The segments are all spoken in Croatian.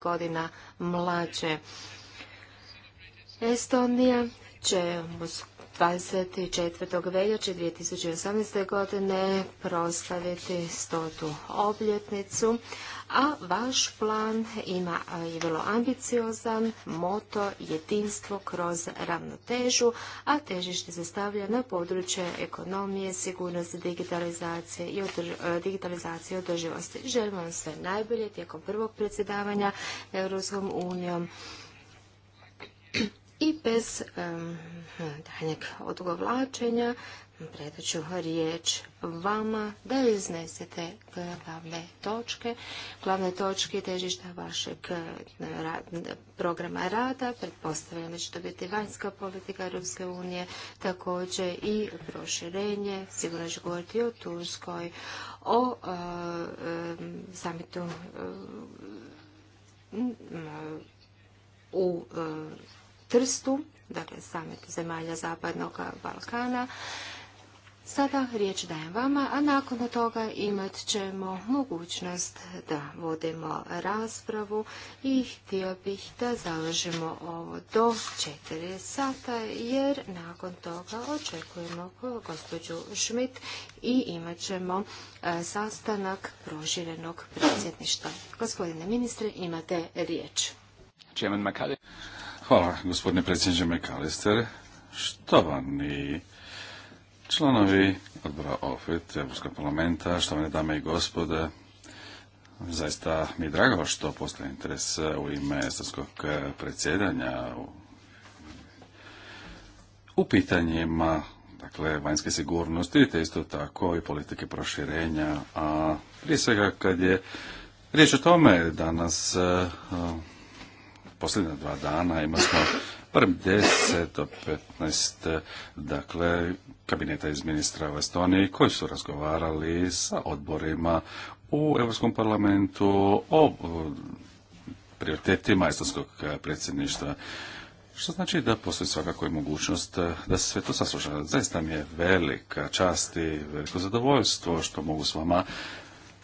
godina mlađe. Estonija će uz 24. veljače 2018. godine proslaviti stotu obljetnicu, a vaš plan ima i vrlo ambiciozan moto jedinstvo kroz ravnotežu, a težište se stavlja na područje ekonomije, sigurnosti, digitalizacije i e, digitalizacije održivosti. Želimo vam sve najbolje tijekom prvog predsjedavanja Europskom unijom i bez danjeg daljnjeg odgovlačenja predat ću riječ vama da iznesete glavne točke, glavne točke težišta vašeg eh, programa rada. Pretpostavljam da će to biti vanjska politika Europske unije, također i proširenje. Sigurno ću govoriti o Turskoj, o eh, samitu eh, u Trstu, dakle samet zemalja Zapadnog Balkana. Sada riječ dajem vama, a nakon toga imat ćemo mogućnost da vodimo raspravu i htio bih da založimo ovo do 4 sata, jer nakon toga očekujemo gospođu Šmit i imat ćemo e, sastanak proširenog predsjedništva. Gospodine ministre, imate riječ. Hvala, gospodine predsjedniče Mekalister. Štovani članovi odbora OFIT Europskog parlamenta, štovane dame i gospode, zaista mi je drago što postoji interes u ime srpskog predsjedanja u, pitanjima dakle, vanjske sigurnosti, te isto tako i politike proširenja, a prije svega kad je riječ o tome danas posljednja dva dana imali smo barem 10 do 15 dakle, kabineta iz ministra u Estoniji koji su razgovarali sa odborima u Europskom parlamentu o prioritetima estonskog predsjedništva. Što znači da postoji svakako i mogućnost da se sve to sasluša. Zaista mi je velika čast i veliko zadovoljstvo što mogu s vama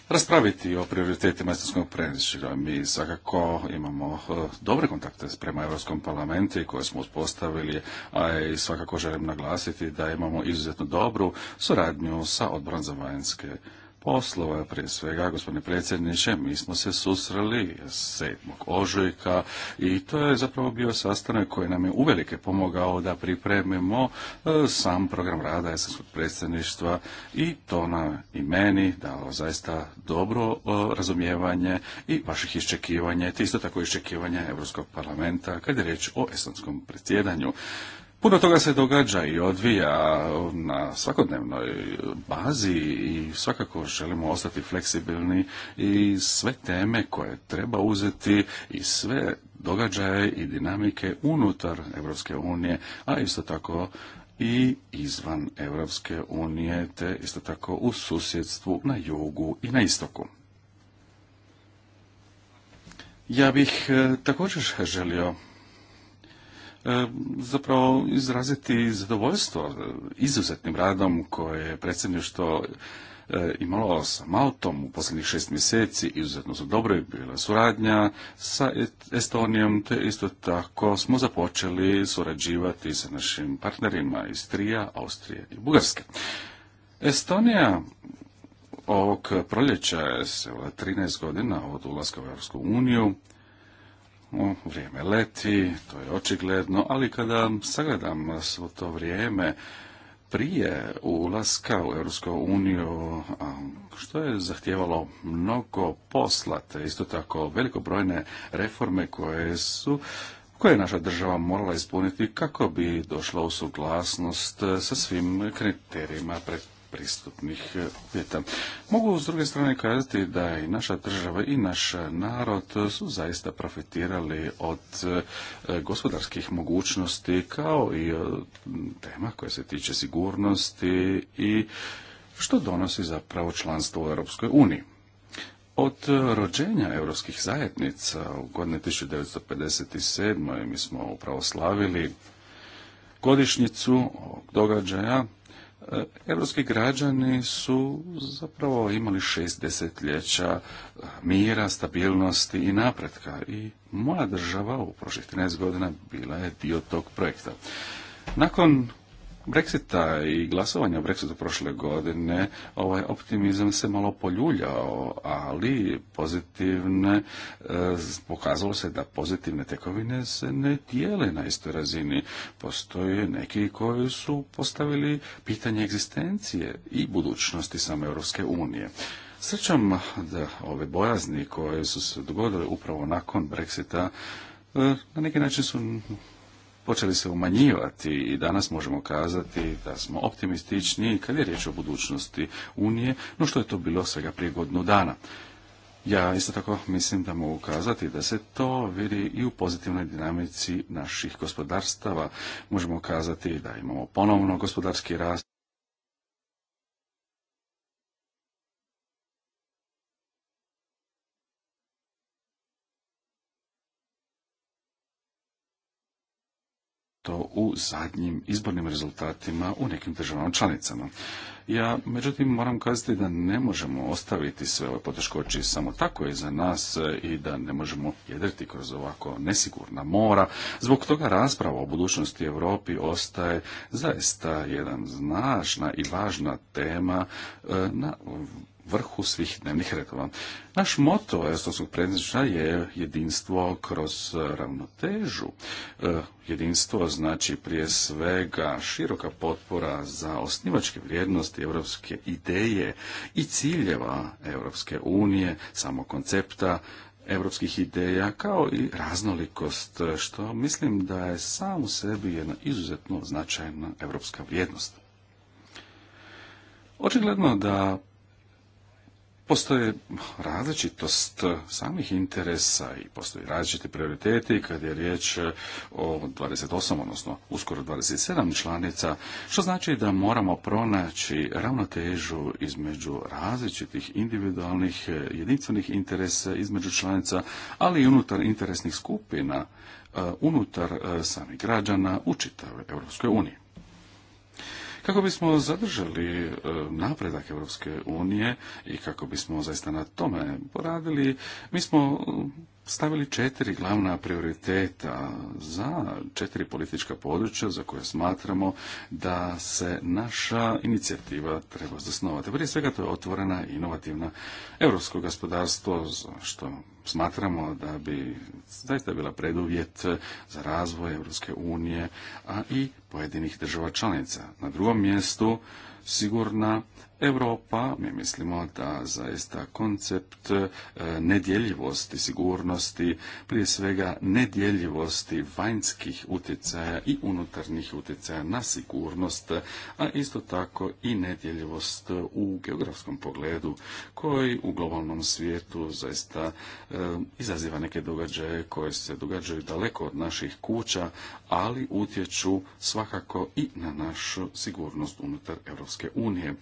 raspraviti o prioritetima estonskog predsjedništva. Mi svakako imamo eh, dobre kontakte prema Europskom parlamentu koje smo uspostavili, a i svakako želim naglasiti da imamo izuzetno dobru suradnju sa odborom za vanjske poslova. Prije svega, gospodine predsjedniče, mi smo se susreli 7. ožujka i to je zapravo bio sastanak koji nam je uvelike pomogao da pripremimo e, sam program rada Esenskog predsjedništva i to na i meni dao zaista dobro e, razumijevanje i vaših iščekivanja, te isto tako iščekivanja Europskog parlamenta kad je riječ o esonskom predsjedanju. Puno toga se događa i odvija na svakodnevnoj bazi i svakako želimo ostati fleksibilni i sve teme koje treba uzeti i sve događaje i dinamike unutar Europske unije, a isto tako i izvan Europske unije, te isto tako u susjedstvu na jugu i na istoku. Ja bih eh, također želio E, zapravo izraziti zadovoljstvo izuzetnim radom koje je predsjedništvo e, imalo sa Maltom u posljednjih šest mjeseci, izuzetno su dobro bila suradnja sa Estonijom, te isto tako smo započeli surađivati sa našim partnerima iz Trija, Austrije i Bugarske. Estonija ovog proljeća je 13 godina od ulaska u Europsku uniju, vrijeme leti, to je očigledno, ali kada sagledam svo to vrijeme prije ulaska u Europsku uniju, što je zahtijevalo mnogo posla, te isto tako velikobrojne reforme koje su koje je naša država morala ispuniti kako bi došla u suglasnost sa svim kriterijima pred pristupnih e, uvjeta. Mogu s druge strane kazati da i naša država i naš narod su zaista profitirali od e, gospodarskih mogućnosti kao i e, tema koja se tiče sigurnosti i što donosi zapravo članstvo u Europskoj uniji. Od rođenja europskih zajednica u godine 1957. mi smo upravo slavili godišnjicu događaja E, europski građani su zapravo imali šest desetljeća e, mira, stabilnosti i napretka i moja država u prošlih 13 godina bila je dio tog projekta. Nakon Brexita i glasovanja o Brexitu prošle godine, ovaj optimizam se malo poljuljao, ali pozitivne, e, pokazalo se da pozitivne tekovine se ne dijele na istoj razini. Postoje neki koji su postavili pitanje egzistencije i budućnosti same Europske unije. Srećam da ove bojazni koje su se dogodile upravo nakon Brexita e, na neki način su počeli se umanjivati i danas možemo kazati da smo optimistični kad je riječ o budućnosti Unije, no što je to bilo svega prije godinu dana. Ja isto tako mislim da mogu kazati da se to vidi i u pozitivnoj dinamici naših gospodarstava. Možemo kazati da imamo ponovno gospodarski rast u zadnjim izbornim rezultatima u nekim državama članicama. Ja, međutim, moram kazati da ne možemo ostaviti sve ove poteškoće samo tako je za nas e, i da ne možemo jedriti kroz ovako nesigurna mora. Zbog toga rasprava o budućnosti Europi ostaje zaista jedan značna i važna tema e, na vrhu svih dnevnih redova. Naš moto Estonskog predsjedništva je jedinstvo kroz e, ravnotežu. E, jedinstvo znači prije svega široka potpora za osnivačke vrijednosti europske ideje i ciljeva Evropske unije, samo koncepta europskih ideja kao i raznolikost, što mislim da je sam u sebi jedna izuzetno značajna europska vrijednost. Očigledno da Postoje različitost samih interesa i postoje različiti prioriteti kad je riječ o 28, odnosno uskoro 27 članica, što znači da moramo pronaći ravnotežu između različitih individualnih e, jedinstvenih interesa između članica, ali i unutar interesnih skupina, e, unutar e, samih građana u čitavoj Europskoj uniji kako bismo zadržali e, napredak Europske unije i kako bismo zaista na tome poradili, mi smo e, stavili četiri glavna prioriteta za četiri politička područja za koje smatramo da se naša inicijativa treba zasnovati. Prije svega to je otvorena inovativna europsko gospodarstvo, što smatramo da bi zaista bila preduvjet za razvoj Europske unije, a i pojedinih država članica. Na drugom mjestu sigurna Europa, mi mislimo da zaista koncept e, nedjeljivosti, sigurnosti, prije svega nedjeljivosti vanjskih utjecaja i unutarnjih utjecaja na sigurnost, a isto tako i nedjeljivost u geografskom pogledu, koji u globalnom svijetu zaista e, izaziva neke događaje koje se događaju daleko od naših kuća, ali utječu svakako i na našu sigurnost unutar Europske unije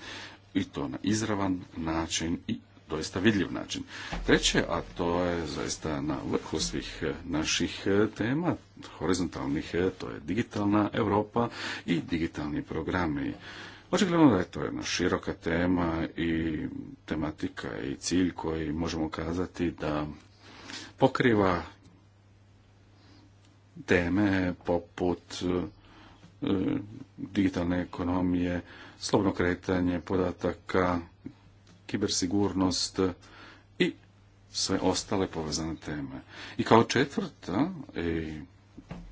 i to na izravan način i doista vidljiv način. Treće, a to je zaista na vrhu svih e, naših e, tema, horizontalnih, e, to je digitalna Europa i digitalni programi. Očigledno da je to jedna široka tema i tematika i cilj koji možemo kazati da pokriva teme poput e, digitalne ekonomije, slobno kretanje podataka, kibersigurnost i sve ostale povezane teme. I kao četvrta i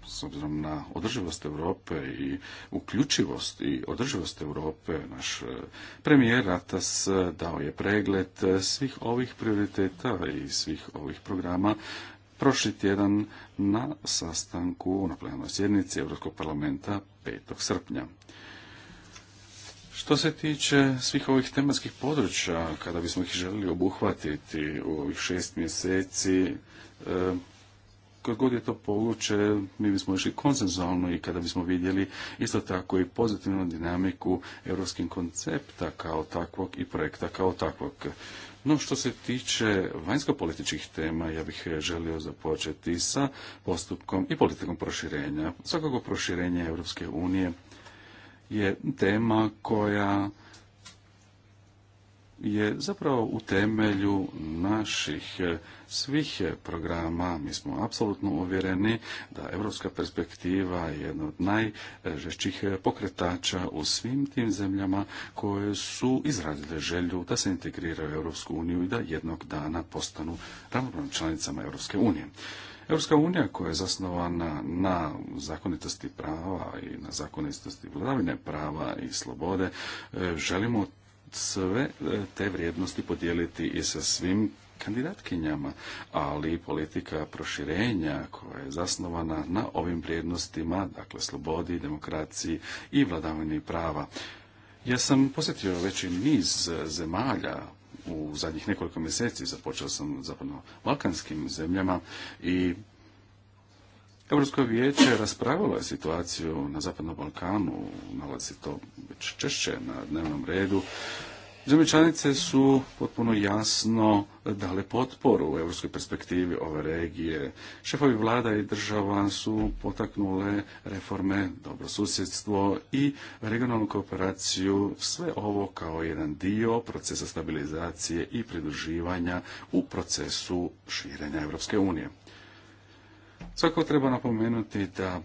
s obzirom na održivost Europe i uključivost i održivost Europe, naš e, premijer Ratas e, dao je pregled e, svih ovih prioriteta i svih ovih programa prošli tjedan na sastanku na plenarnoj sjednici Europskog parlamenta 5. srpnja. Što se tiče svih ovih tematskih područja, kada bismo ih željeli obuhvatiti u ovih šest mjeseci, kad god je to poguće, mi bismo išli konsenzualno i kada bismo vidjeli isto tako i pozitivnu dinamiku europskim koncepta kao takvog i projekta kao takvog. No što se tiče vanjsko-političkih tema, ja bih želio započeti sa postupkom i politikom proširenja. Svakako proširenje Europske unije je tema koja je zapravo u temelju naših e, svih e, programa. Mi smo apsolutno uvjereni da europska perspektiva je jedna od najžešćih e, pokretača u svim tim zemljama koje su izradile želju da se integriraju u Europsku uniju i da jednog dana postanu ravnopravnim članicama Europske unije. Europska unija koja je zasnovana na zakonitosti prava i na zakonitosti vladavine prava i slobode, želimo sve e, te vrijednosti podijeliti i sa svim kandidatkinjama, ali politika proširenja koja je zasnovana na ovim vrijednostima, dakle slobodi, demokraciji i vladavini prava. Ja sam posjetio već i niz zemalja u zadnjih nekoliko mjeseci, započeo sam zapadno balkanskim zemljama i Europsko vijeće raspravilo je situaciju na Zapadnom Balkanu, nalazi to već češće na dnevnom redu. Zemlje su potpuno jasno dale potporu u europskoj perspektivi ove regije. Šefovi vlada i država su potaknule reforme, dobro susjedstvo i regionalnu kooperaciju, sve ovo kao jedan dio procesa stabilizacije i pridruživanja u procesu širenja Europske unije. Svako treba napomenuti da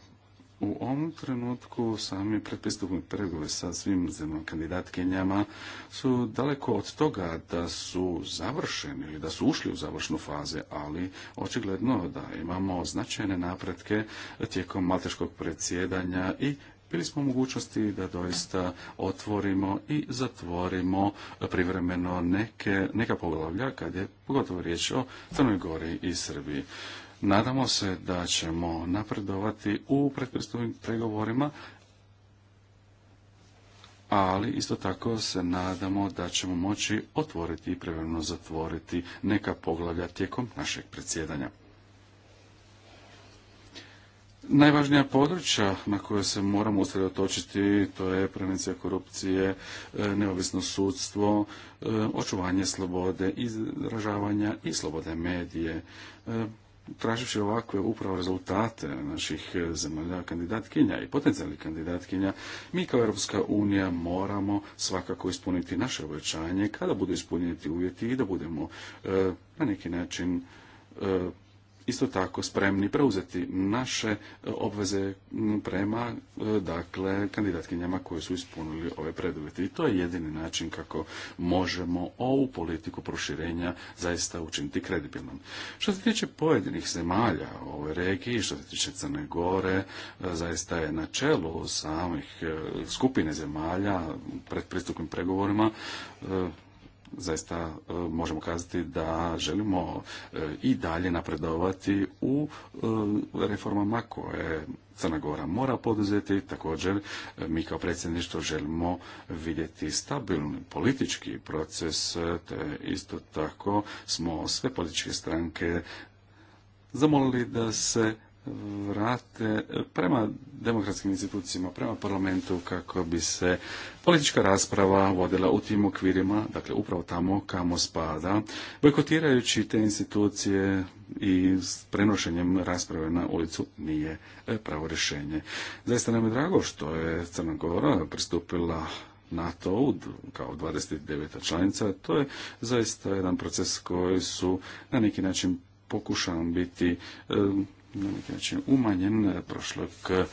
u ovom trenutku sami predpristupni pregovori sa svim zemljom kandidatkinjama su daleko od toga da su završeni ili da su ušli u završnu faze, ali očigledno da imamo značajne napretke tijekom malteškog predsjedanja i bili smo u mogućnosti da doista otvorimo i zatvorimo privremeno neke, neka poglavlja kad je pogotovo riječ o Crnoj Gori i Srbiji. Nadamo se da ćemo napredovati u pretpristupnim pregovorima, ali isto tako se nadamo da ćemo moći otvoriti i prevremeno zatvoriti neka poglavlja tijekom našeg predsjedanja. Najvažnija područja na koje se moramo usredotočiti to je prevencija korupcije, e, neovisno sudstvo, e, očuvanje slobode izražavanja i slobode medije, e, traživši ovakve upravo rezultate naših e, zemalja kandidatkinja i potencijalnih kandidatkinja, mi kao Europska unija moramo svakako ispuniti naše obećanje kada budu ispunjeni uvjeti i da budemo e, na neki način e, isto tako spremni preuzeti naše e, obveze prema e, dakle kandidatkinjama koje su ispunili ove preduvjete i to je jedini način kako možemo ovu politiku proširenja zaista učiniti kredibilnom. Što se tiče pojedinih zemalja u ovoj regiji, što se tiče Crne Gore, e, zaista je na čelu samih skupine zemalja pred pristupnim pregovorima zaista e, možemo kazati da želimo e, i dalje napredovati u e, reformama koje Crna Gora mora poduzeti. Također, mi kao predsjedništvo želimo vidjeti stabilni politički proces, te isto tako smo sve političke stranke zamolili da se vrate prema demokratskim institucijama, prema parlamentu kako bi se politička rasprava vodila u tim okvirima, dakle upravo tamo kamo spada, bojkotirajući te institucije i s prenošenjem rasprave na ulicu nije e, pravo rješenje. Zaista nam je drago što je Crna Gora pristupila NATO kao 29. članica, to je zaista jedan proces koji su na neki način pokušavam biti e, na neki način umanjen e, prošlog e,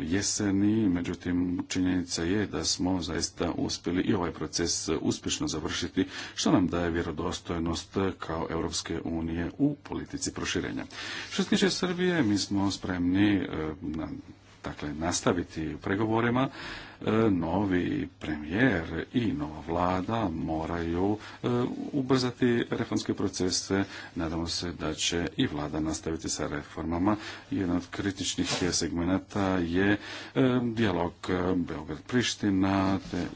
jeseni, međutim činjenica je da smo zaista uspjeli i ovaj proces uspješno završiti, što nam daje vjerodostojnost kao Europske unije u politici proširenja. Što se tiče Srbije, mi smo spremni e, na dakle nastaviti u pregovorima, e, novi premijer i nova vlada moraju e, ubrzati reformske procese. Nadamo se da će i vlada nastaviti sa reformama. Jedan od kritičnih segmenata je e, dijalog Beograd-Priština, te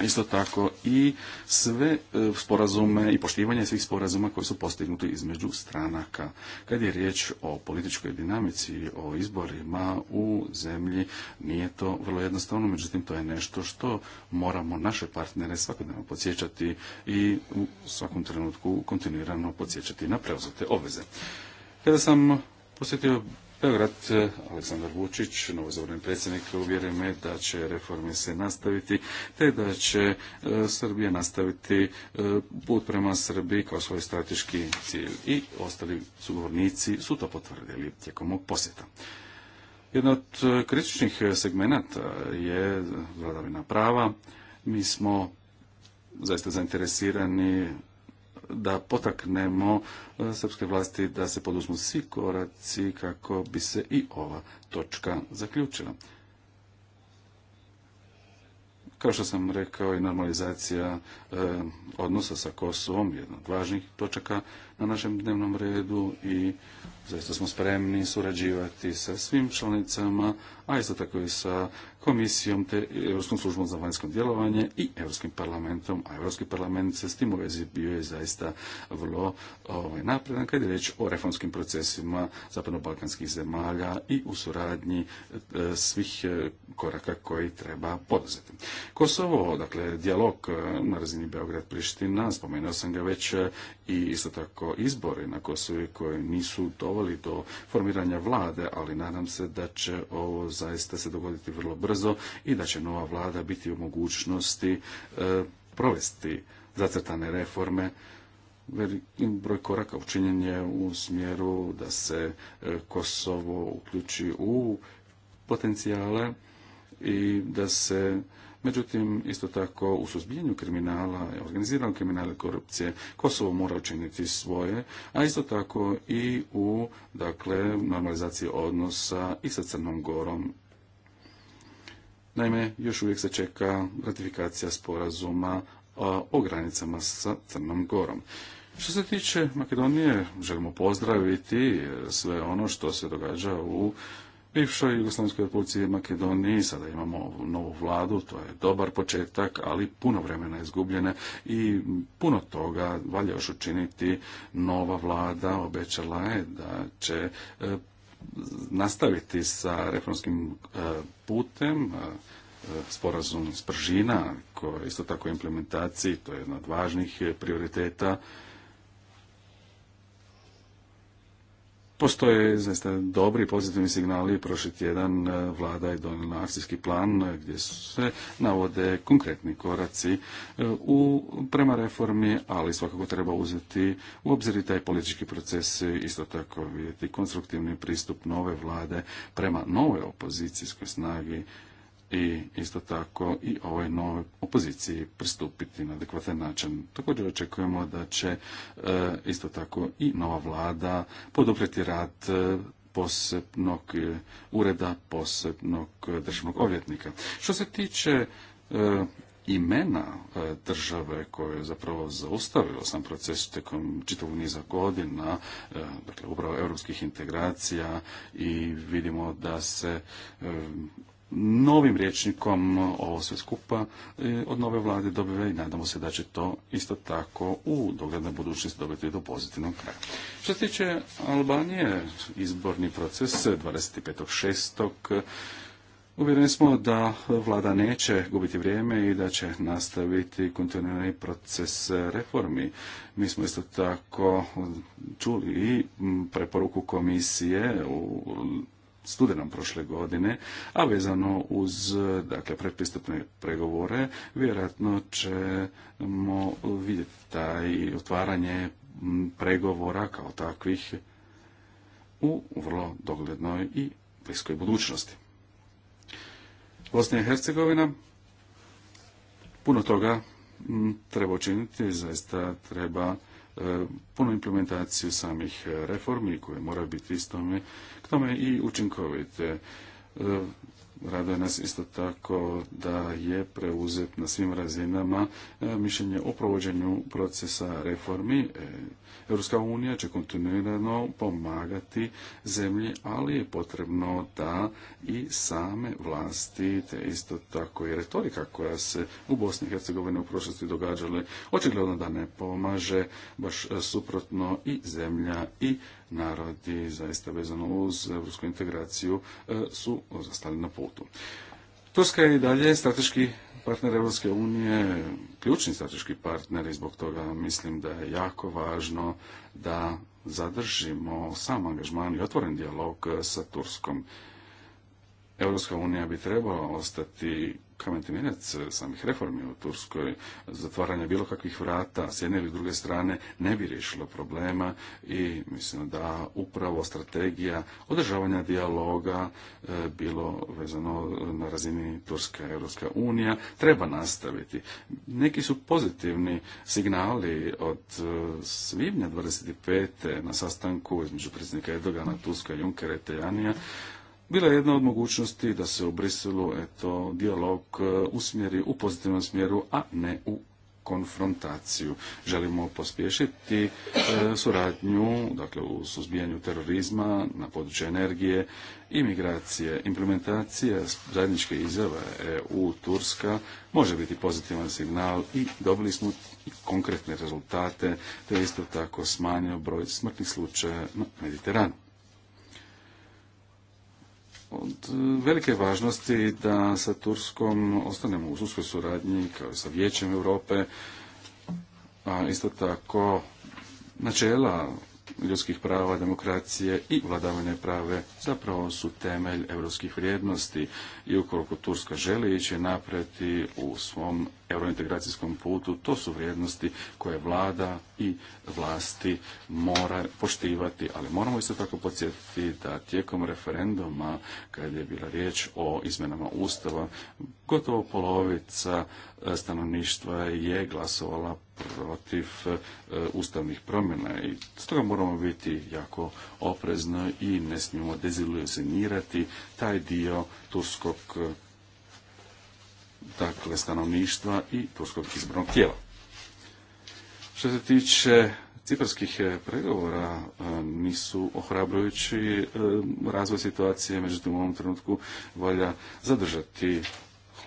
isto tako i sve e, sporazume i poštivanje svih sporazuma koji su postignuti između stranaka. Kad je riječ o političkoj dinamici, o izborima u zemlji, nije to vrlo jednostavno, međutim to je nešto što moramo naše partnere svakodnevno podsjećati i u svakom trenutku kontinuirano podsjećati na preuzete obveze. Kada sam posjetio Beograd, e, Aleksandar Vučić, novozabran predsjednik, uvjeri me da će reforme se nastaviti, te da će e, Srbija nastaviti e, put prema Srbiji kao svoj strateški cilj. I ostali sugovornici su to potvrdili tijekom mog posjeta. Jedna od kritičnih segmenata je vladavina prava. Mi smo zaista zainteresirani da potaknemo e, srpske vlasti da se poduzmu svi koraci kako bi se i ova točka zaključila. Kao što sam rekao i normalizacija e, odnosa sa Kosovom, jedna od važnih točaka na našem dnevnom redu i zaista smo spremni surađivati sa svim članicama, a isto tako i sa komisijom te Europskom službom za vanjsko djelovanje i Europskim parlamentom, a Europski parlament se s tim u vezi bio je zaista vrlo ovaj, napredan kad je riječ o reformskim procesima zapadno-balkanskih zemalja i u suradnji e, svih e, koraka koji treba poduzeti. Kosovo, dakle, dijalog e, na razini Beograd-Priština, spomenuo sam ga već i isto tako izbori na Kosovi koji nisu doveli do formiranja vlade, ali nadam se da će ovo zaista se dogoditi vrlo brzo i da će nova vlada biti u mogućnosti e, provesti zacrtane reforme velik broj koraka učinjen je u smjeru da se e, Kosovo uključi u potencijale i da se Međutim, isto tako u suzbijanju kriminala, organiziranog kriminala i korupcije, Kosovo mora učiniti svoje, a isto tako i u dakle, normalizaciji odnosa i sa Crnom Gorom Naime, još uvijek se čeka ratifikacija sporazuma o granicama sa Crnom Gorom. Što se tiče Makedonije, želimo pozdraviti sve ono što se događa u bivšoj Jugoslavijskoj republici Makedoniji. Sada imamo novu vladu, to je dobar početak, ali puno vremena je izgubljene i puno toga valja još učiniti. Nova vlada obećala je da će e, nastaviti sa reformskim e, putem, e, e, sporazum s Pržina, koji je isto tako implementaciji, to je jedna od važnih prioriteta Postoje zaista dobri pozitivni signali. Prošli tjedan e, vlada je donijela akcijski plan e, gdje se navode konkretni koraci e, u, prema reformi, ali svakako treba uzeti u obzir i taj politički proces, isto tako vidjeti konstruktivni pristup nove vlade prema nove opozicijskoj snagi i isto tako i ovoj novoj opoziciji pristupiti na adekvatan način. Također očekujemo da će e, isto tako i nova vlada podupreti rad e, posebnog e, ureda, posebnog državnog odvjetnika. Što se tiče imena države koje je zapravo zaustavilo sam proces tekom čitavog niza godina, dakle upravo europskih integracija i vidimo da se novim rječnikom ovo sve skupa e, od nove vlade dobiva e i nadamo se da će to isto tako u doglednoj budućnosti dobiti do pozitivnog kraja. Što se tiče Albanije, izborni proces 25.6. Uvjereni smo da vlada neće gubiti vrijeme i da će nastaviti kontinuirani proces reformi. Mi smo isto tako čuli i preporuku komisije u studenom prošle godine, a vezano uz dakle, predpristupne pregovore, vjerojatno ćemo vidjeti taj otvaranje pregovora kao takvih u vrlo doglednoj i bliskoj budućnosti. Bosna i Hercegovina, puno toga treba učiniti, zaista treba E, punu implementaciju samih e, reformi koje moraju biti istome, k tome i učinkovite. E, Raduje nas isto tako da je preuzet na svim razinama e, mišljenje o provođenju procesa reformi. E, Europska unija će kontinuirano pomagati zemlji, ali je potrebno da i same vlasti, te isto tako i retorika koja se u Bosni i Hercegovini u prošlosti događale, očigledno da ne pomaže, baš suprotno i zemlja i narodi zaista vezano uz evropsku integraciju e, su zastali na putu. Turska je i dalje strateški partner Europske unije, ključni strateški partner i zbog toga mislim da je jako važno da zadržimo sam angažman i otvoren dijalog sa Turskom Europska unija bi trebala ostati kamentiminac samih reformi u Turskoj, zatvaranje bilo kakvih vrata s jedne ili druge strane ne bi riješilo problema i mislim da upravo strategija održavanja dijaloga e, bilo vezano na razini Turska Europska unija treba nastaviti. Neki su pozitivni signali od e, svibnja 25. na sastanku između predsjednika Erdogana, Tuska, Junkera i Tejanija bila je jedna od mogućnosti da se u Briselu eto, dijalog e, usmjeri u pozitivnom smjeru, a ne u konfrontaciju. Želimo pospješiti e, suradnju dakle, u suzbijanju terorizma na području energije, imigracije, implementacija zajedničke izjave EU-Turska može biti pozitivan signal i dobili smo konkretne rezultate, te isto tako smanjio broj smrtnih slučaja na Mediteranu od e, velike važnosti da sa Turskom ostanemo u uskoj suradnji kao i sa Vijećem Europe, a isto tako načela ljudskih prava, demokracije i vladavanje prave zapravo su temelj europskih vrijednosti i ukoliko Turska želi ići napreti u svom eurointegracijskom putu, to su vrijednosti koje vlada i vlasti mora poštivati, ali moramo isto tako podsjetiti da tijekom referenduma, kad je bila riječ o izmenama Ustava, gotovo polovica e, stanovništva je glasovala protiv eh, ustavnih promjena i stoga moramo biti jako oprezno i ne smijemo deziluzionirati taj dio turskog eh, dakle, stanovništva i turskog izbornog tijela. Što se tiče ciparskih eh, pregovora nisu ohrabrujući razvoj situacije, međutim u ovom trenutku valja zadržati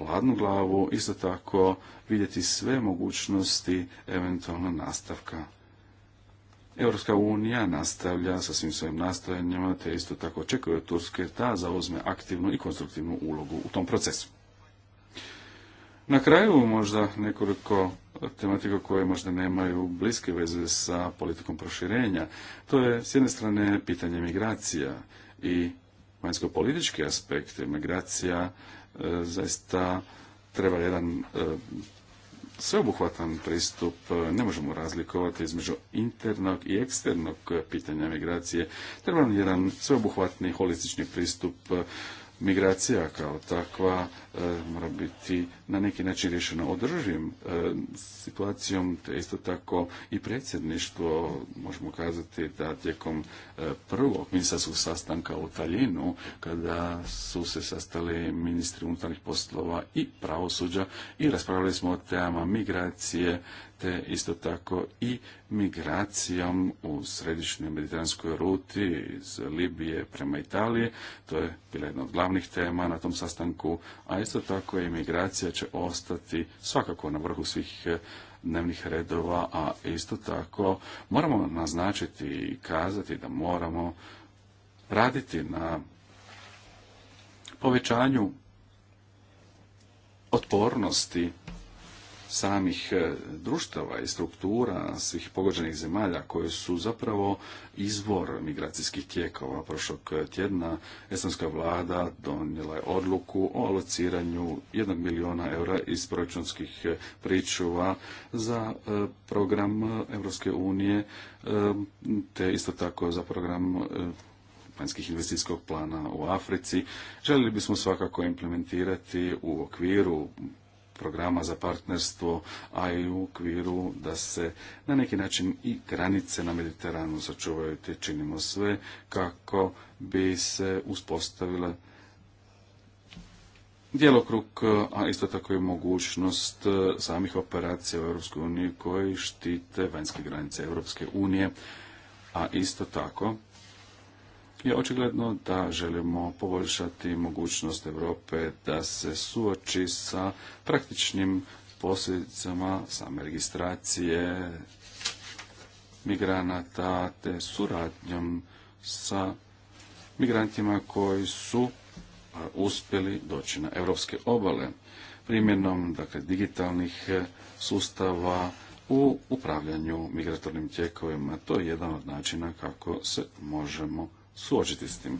hladnu glavu, isto tako vidjeti sve mogućnosti eventualno nastavka. Europska unija nastavlja sa svim svojim nastojanjima, te isto tako očekuje Turske da zauzme aktivnu i konstruktivnu ulogu u tom procesu. Na kraju možda nekoliko tematika koje možda nemaju bliske veze sa politikom proširenja. To je s jedne strane pitanje migracija i vanjsko-politički aspekt migracija E, zaista treba jedan e, sveobuhvatan pristup, e, ne možemo razlikovati između internog i eksternog pitanja migracije. Treba nam jedan sveobuhvatni holistični pristup migracija kao takva E, mora biti na neki način rješeno održivim e, situacijom, te isto tako i predsjedništvo, možemo kazati da tijekom e, prvog ministarskog sastanka u Taljinu, kada su se sastali ministri unutarnjih poslova i pravosuđa i raspravljali smo o temama migracije, te isto tako i migracijom u središnjoj mediteranskoj ruti iz Libije prema Italije. To je bila jedna od glavnih tema na tom sastanku, a isto tako i migracija će ostati svakako na vrhu svih e, dnevnih redova, a isto tako moramo naznačiti i kazati da moramo raditi na povećanju otpornosti samih e, društava i struktura svih pogođenih zemalja koje su zapravo izvor migracijskih tijekova. Prošlog tjedna estonska vlada donijela je odluku o alociranju 1 milijuna eura iz proračunskih e, pričuva za e, program Europske unije te isto tako za program vanjskih investicijskog plana u Africi. Željeli bismo svakako implementirati u okviru programa za partnerstvo, a i u okviru da se na neki način i granice na Mediteranu sačuvaju, te činimo sve kako bi se uspostavila djelokrug, a isto tako i mogućnost e, samih operacija u EU koji štite vanjske granice EU, a isto tako je očigledno da želimo poboljšati mogućnost Europe da se suoči sa praktičnim posljedicama same registracije migranata te suradnjom sa migrantima koji su uspjeli doći na europske obale primjenom dakle, digitalnih e, sustava u upravljanju migratornim tijekovima. To je jedan od načina kako se možemo suočiti s tim.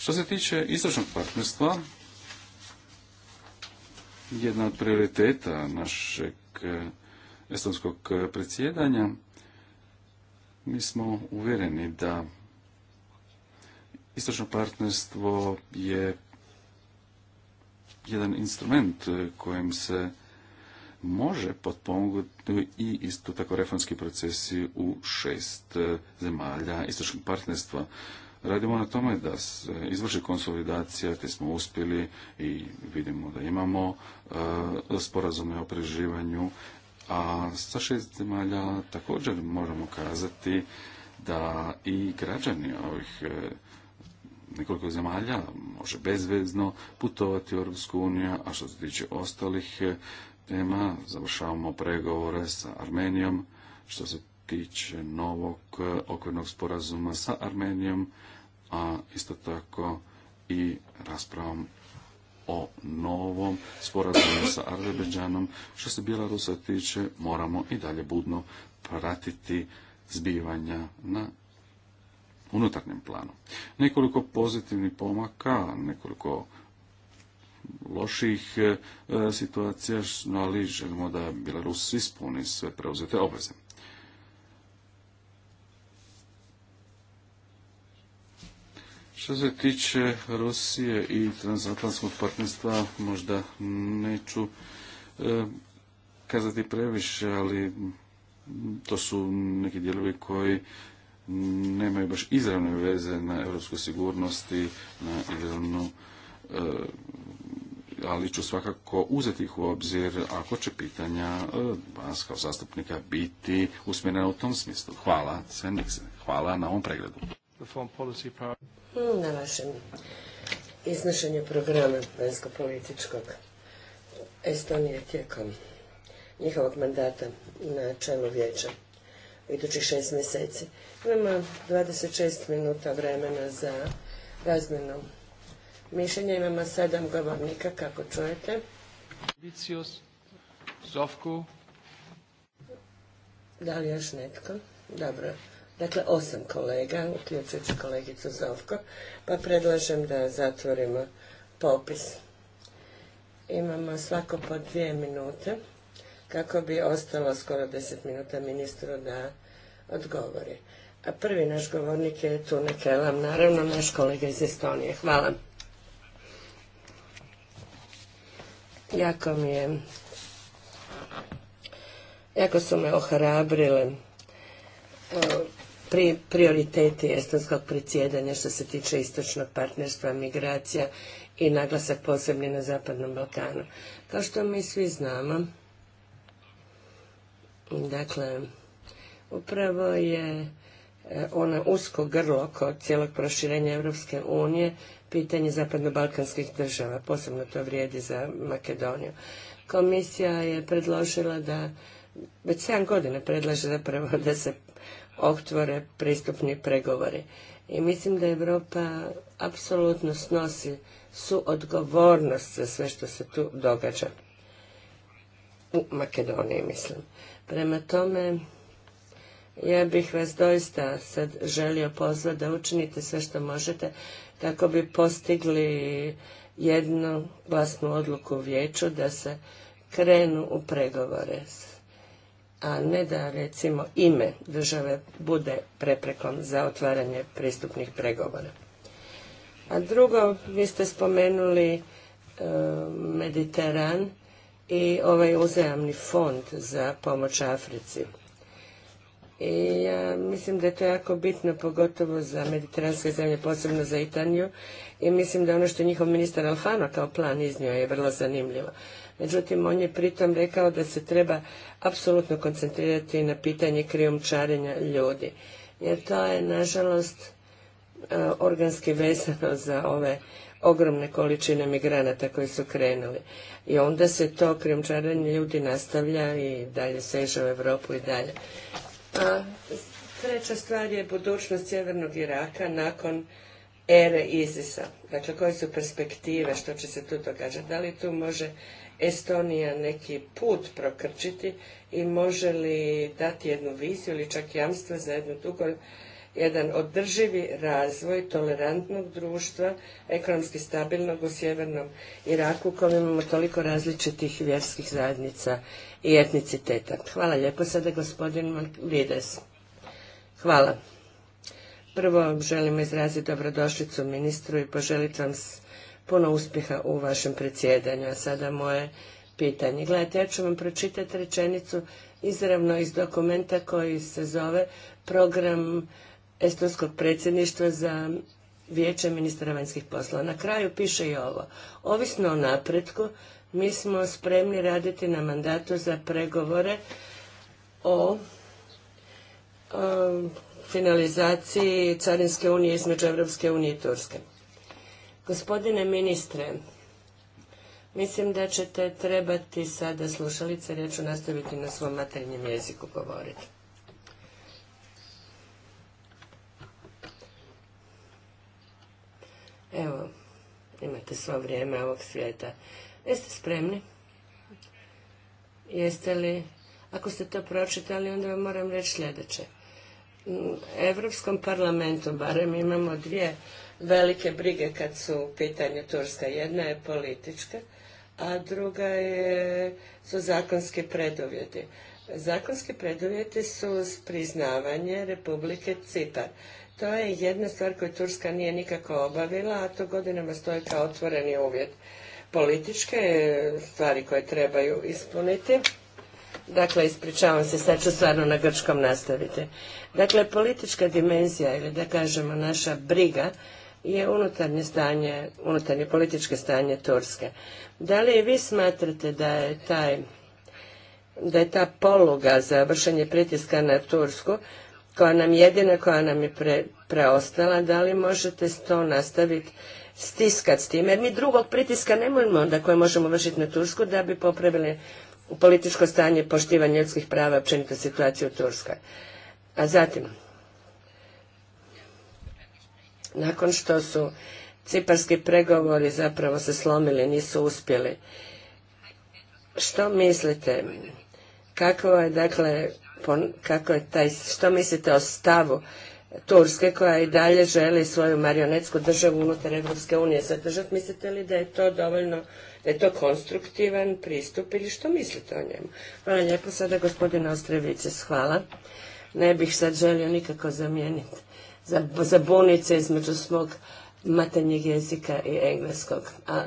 Što se tiče istočnog partnerstva, jedna od prioriteta našeg eh, estonskog eh, predsjedanja, mi smo uvjereni da istočno partnerstvo je jedan instrument eh, kojim se može potpomognuti i isto tako reformski procesi u šest e, zemalja istočnog partnerstva. Radimo na tome da se izvrši konsolidacija, te smo uspjeli i vidimo da imamo e, sporazume o preživanju, a sa šest zemalja također moramo kazati da i građani ovih e, nekoliko zemalja može bezvezno putovati u Europsku uniju, a što se tiče ostalih tema. Završavamo pregovore sa Armenijom što se tiče novog e, okvirnog sporazuma sa Armenijom, a isto tako i raspravom o novom sporazumu sa Azerbejdžanom. Što se Bjelarusa tiče, moramo i dalje budno pratiti zbivanja na unutarnjem planu. Nekoliko pozitivnih pomaka, nekoliko loših e, e, situacija, ali želimo da Bjelarus ispuni sve preuzete obveze. Što se tiče Rusije i transatlantskog partnerstva, možda neću e, kazati previše, ali to su neki dijelovi koji nemaju baš izravne veze na europsku sigurnost i na izravnu ali ću svakako uzeti ih u obzir ako će pitanja e, vas kao zastupnika biti usmjerena u tom smislu. Hvala, se. Hvala na ovom pregledu. Na vašem iznošenju programa vanjsko-političkog Estonije tijekom njihovog mandata na čelu vijeća u idućih šest mjeseci. Imamo 26 minuta vremena za razmjenu Mišljenje Imamo sedam govornika, kako čujete. Vicios, Zovko. Da li još netko? Dobro. Dakle, osam kolega, uključujući kolegicu Zovko, pa predlažem da zatvorimo popis. Imamo svako po dvije minute, kako bi ostalo skoro deset minuta ministru da odgovori. A prvi naš govornik je Tune Kelam, naravno naš kolega iz Estonije. Hvala. Jako mi je, jako su me ohrabrile e, prioriteti estonskog predsjedanja što se tiče istočnog partnerstva, migracija i naglasak posebni na Zapadnom Balkanu. Kao što mi svi znamo, dakle, upravo je e, ono usko grlo kod cijelog proširenja Europske unije pitanje zapadnobalkanskih balkanskih država, posebno to vrijedi za Makedoniju. Komisija je predložila da, već 7 godina predlaže zapravo da se otvore pristupni pregovori. I mislim da Europa apsolutno snosi su odgovornost za sve što se tu događa. U Makedoniji, mislim. Prema tome, ja bih vas doista sad želio pozvati da učinite sve što možete kako bi postigli jednu glasnu odluku u vijeću da se krenu u pregovore, a ne da recimo ime države bude preprekom za otvaranje pristupnih pregovora. A drugo, vi ste spomenuli e, Mediteran i ovaj uzajamni fond za pomoć Africi. I ja mislim da je to jako bitno, pogotovo za mediteranske zemlje, posebno za Italiju. I mislim da ono što je njihov ministar Alfano kao plan iznio je vrlo zanimljivo. Međutim, on je pritom rekao da se treba apsolutno koncentrirati na pitanje krijumčarenja ljudi. Jer to je, nažalost, e, organski vezano za ove ogromne količine migranata koji su krenuli. I onda se to krijumčarenje ljudi nastavlja i dalje seže u Europu i dalje. Treća stvar je budućnost Sjevernog Iraka nakon ere Izisa. Dakle, koje su perspektive, što će se tu događati? Da li tu može Estonija neki put prokrčiti i može li dati jednu viziju ili čak jamstvo za jednu dugo jedan održivi razvoj tolerantnog društva, ekonomski stabilnog u sjevernom Iraku u kojem imamo toliko različitih vjerskih zajednica i etniciteta. Hvala lijepo sada gospodin Vides. Hvala. Prvo želim izraziti dobrodošlicu ministru i poželiti vam puno uspjeha u vašem predsjedanju. A sada moje pitanje. Gledajte, ja ću vam pročitati rečenicu izravno iz dokumenta koji se zove Program Estonskog predsjedništva za vijeće ministra vanjskih poslova. Na kraju piše i ovo. Ovisno o napretku, mi smo spremni raditi na mandatu za pregovore o, um, finalizaciji Carinske unije između Europske unije i Turske. Gospodine ministre, mislim da ćete trebati sada slušalice, jer ja ću nastaviti na svom maternjem jeziku govoriti. Evo, imate svo vrijeme ovog svijeta Jeste spremni? Jeste li, ako ste to pročitali, onda vam moram reći sljedeće. U mm, Evropskom parlamentu barem imamo dvije velike brige kad su u pitanju Turska. Jedna je politička, a druga je, su zakonske preduvjeti. Zakonski preduvjeti su priznavanje Republike Cipar. To je jedna stvar koju Turska nije nikako obavila, a to godinama stoji kao otvoreni uvjet političke stvari koje trebaju ispuniti. Dakle, ispričavam se, sad ću stvarno na grčkom nastaviti. Dakle, politička dimenzija ili da kažemo naša briga je unutarnje stanje, unutarnje političke stanje Turske. Da li vi smatrate da je taj da je ta poluga za vršenje pritiska na Tursku, koja nam jedina, koja nam je preostala, da li možete to nastaviti stiskati s tim, jer mi drugog pritiska nemojmo onda koje možemo vršiti na Tursku da bi popravili političko stanje poštivanje ljudskih prava, općenito situaciju u Turskoj. A zatim, nakon što su ciparski pregovori zapravo se slomili, nisu uspjeli, što mislite, kako je, dakle, kako je taj, što mislite o stavu Turske koja i dalje želi svoju marionetsku državu unutar Evropske unije zadržati. Mislite li da je to dovoljno, da je to konstruktivan pristup ili što mislite o njemu? Hvala lijepo sada gospodine Ostrevicis, hvala. Ne bih sad želio nikako zamijeniti za, za između svog matanjeg jezika i engleskog. A,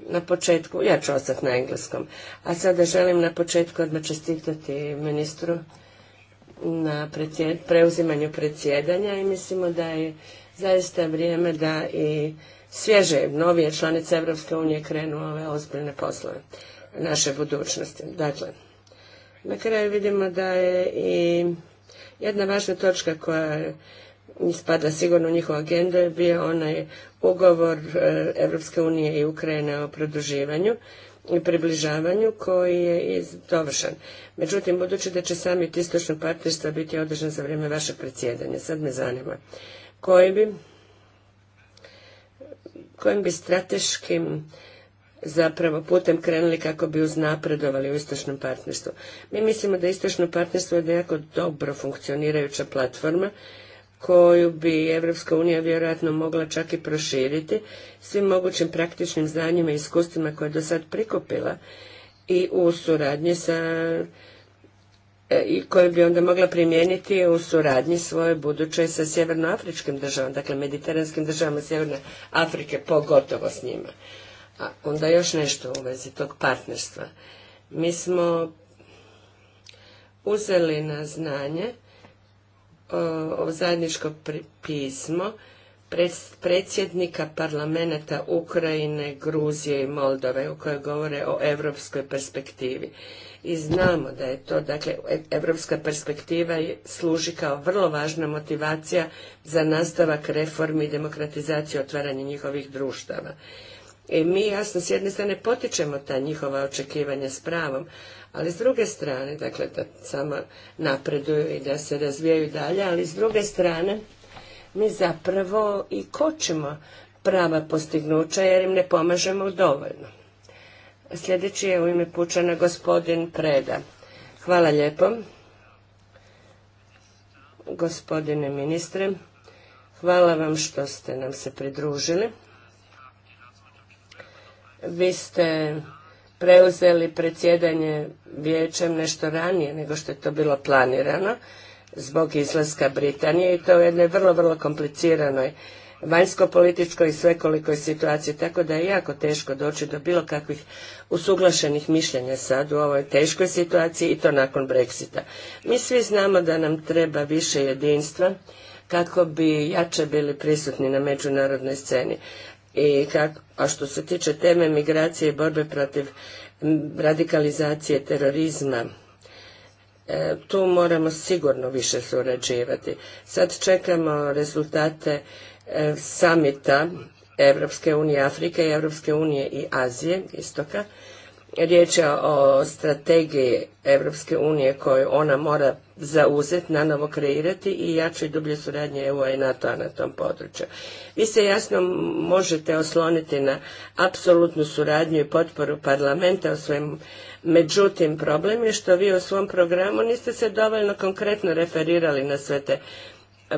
na početku, ja ću ostati na engleskom, a sada želim na početku odmah čestitati ministru na preuzimanju predsjedanja i mislimo da je zaista vrijeme da i svježe, novije članice Europske unije krenu ove ozbiljne poslove naše budućnosti. Dakle, na kraju vidimo da je i jedna važna točka koja spada sigurno u njihovu agendu je bio onaj ugovor Europske unije i Ukrajine o produživanju i približavanju koji je dovršen. Međutim, budući da će samit istočnog partnerstva biti održan za vrijeme vašeg predsjedanja, sad me zanima, koji bi, kojim bi strateškim zapravo putem krenuli kako bi uznapredovali u istočnom partnerstvu. Mi mislimo da istočno partnerstvo je jako dobro funkcionirajuća platforma koju bi Evropska unija vjerojatno mogla čak i proširiti svim mogućim praktičnim znanjima i iskustvima koje je do sad prikupila i u suradnji sa e, i koje bi onda mogla primijeniti u suradnji svoje buduće sa sjevernoafričkim državama, dakle mediteranskim državama Sjeverne Afrike, pogotovo s njima. A onda još nešto u vezi tog partnerstva. Mi smo uzeli na znanje ovo zajedničko pismo predsjednika parlamenta Ukrajine, Gruzije i Moldove u kojoj govore o europskoj perspektivi. I znamo da je to, dakle, europska perspektiva služi kao vrlo važna motivacija za nastavak reformi i demokratizaciju otvaranje njihovih društava. I mi jasno s jedne strane potičemo ta njihova očekivanja s pravom, ali s druge strane, dakle da samo napreduju i da se razvijaju dalje, ali s druge strane mi zapravo i kočimo prava postignuća jer im ne pomažemo dovoljno. Sljedeći je u ime pučana gospodin Preda. Hvala lijepo. Gospodine ministre, hvala vam što ste nam se pridružili. Vi ste preuzeli predsjedanje vijećem nešto ranije nego što je to bilo planirano zbog izlaska Britanije i to u jednoj vrlo, vrlo kompliciranoj vanjsko-političkoj i svekolikoj situaciji, tako da je jako teško doći do bilo kakvih usuglašenih mišljenja sad u ovoj teškoj situaciji i to nakon Brexita. Mi svi znamo da nam treba više jedinstva kako bi jače bili prisutni na međunarodnoj sceni. I a što se tiče teme migracije i borbe protiv radikalizacije terorizma, e, tu moramo sigurno više surađivati. Sad čekamo rezultate e, samita Evropske unije Afrike i Evropske unije i Azije, istoka, Riječ je o strategiji Evropske unije koju ona mora zauzeti, novo kreirati i i dublje suradnje EU-a i NATO-a na tom području. Vi se jasno možete osloniti na apsolutnu suradnju i potporu parlamenta u svojim Međutim, problem je što vi u svom programu niste se dovoljno konkretno referirali na sve te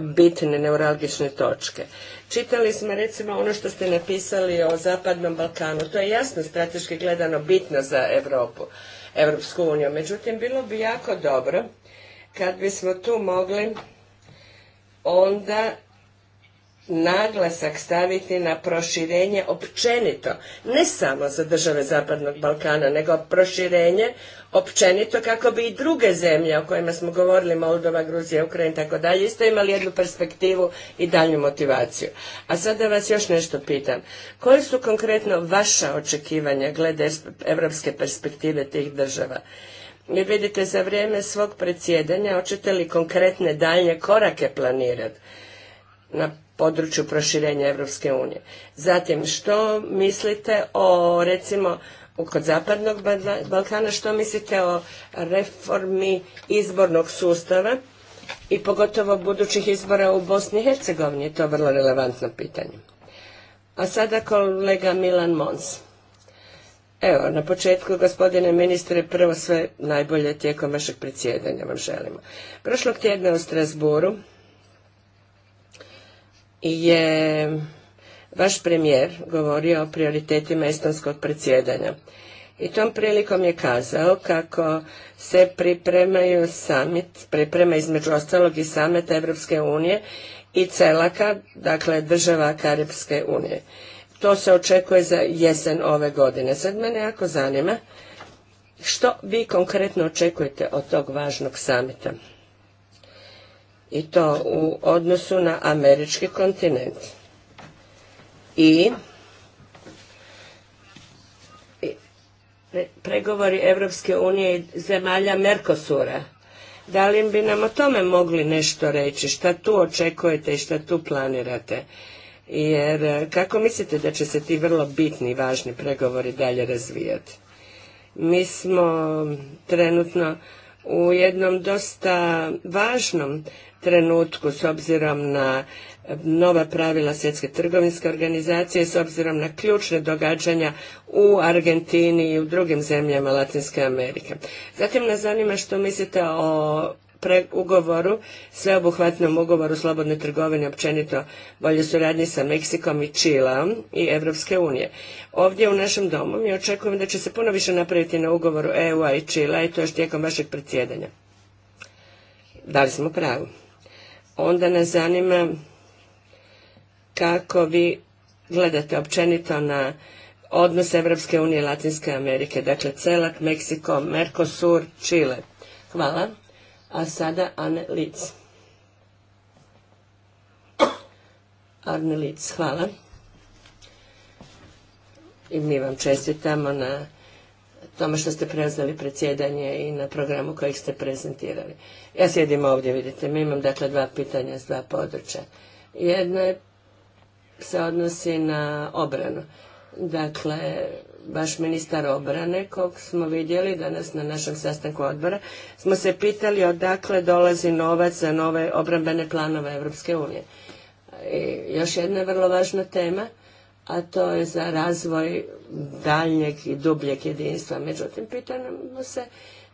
bitne neuralgične točke. Čitali smo recimo ono što ste napisali o Zapadnom Balkanu. To je jasno strateški gledano bitno za Europu, Europsku uniju. Međutim, bilo bi jako dobro kad bismo tu mogli onda naglasak staviti na proširenje općenito, ne samo za države Zapadnog Balkana, nego proširenje općenito kako bi i druge zemlje o kojima smo govorili, Moldova, Gruzija, Ukrajina i tako dalje, isto imali jednu perspektivu i dalju motivaciju. A sada vas još nešto pitam. Koje su konkretno vaša očekivanja glede evropske perspektive tih država? Vi vidite za vrijeme svog predsjedanja, hoćete li konkretne daljnje korake planirati? Na području proširenja Europske unije. Zatim, što mislite o, recimo, kod Zapadnog Balkana, što mislite o reformi izbornog sustava i pogotovo budućih izbora u Bosni i Hercegovini? Je to vrlo relevantno pitanje. A sada kolega Milan Mons. Evo, na početku, gospodine ministre, prvo sve najbolje tijekom vašeg predsjedanja vam želimo. Prošlog tjedna u Strasburu je vaš premijer govorio o prioritetima estonskog predsjedanja. I tom prilikom je kazao kako se pripremaju summit, priprema između ostalog i summit Evropske unije i celaka, dakle država Karibske unije. To se očekuje za jesen ove godine. Sad mene jako zanima što vi konkretno očekujete od tog važnog samita i to u odnosu na američki kontinent. I pregovori Evropske unije i zemalja Merkosura. Da li bi nam o tome mogli nešto reći? Šta tu očekujete i šta tu planirate? Jer e, kako mislite da će se ti vrlo bitni i važni pregovori dalje razvijati? Mi smo trenutno u jednom dosta važnom trenutku s obzirom na e, nova pravila svjetske trgovinske organizacije, s obzirom na ključne događanja u Argentini i u drugim zemljama Latinske Amerike. Zatim nas zanima što mislite o pre ugovoru, sveobuhvatnom ugovoru slobodne trgovine općenito bolje suradnje sa Meksikom i Čilom i Evropske unije. Ovdje u našem domu mi očekujemo da će se puno više napraviti na ugovoru EU-a i Čila i to još tijekom vašeg predsjedanja. Da li smo pravi? onda nas zanima kako vi gledate općenito na odnos Evropske unije i Latinske Amerike, dakle Celak, Meksiko, Mercosur, Čile. Hvala. A sada Anne Litz. Arne Litz, hvala. I mi vam čestitamo na tome što ste preuzeli predsjedanje i na programu kojeg ste prezentirali. Ja sjedim ovdje, vidite, mi imam dakle dva pitanja s dva područja. Jedno je, se odnosi na obranu. Dakle, vaš ministar obrane, kog smo vidjeli danas na našem sastanku odbora, smo se pitali odakle dolazi novac za nove obrambene planove Evropske unije. I još jedna vrlo važna tema – a to je za razvoj daljnjeg i dubljeg jedinstva. Međutim, pitamo se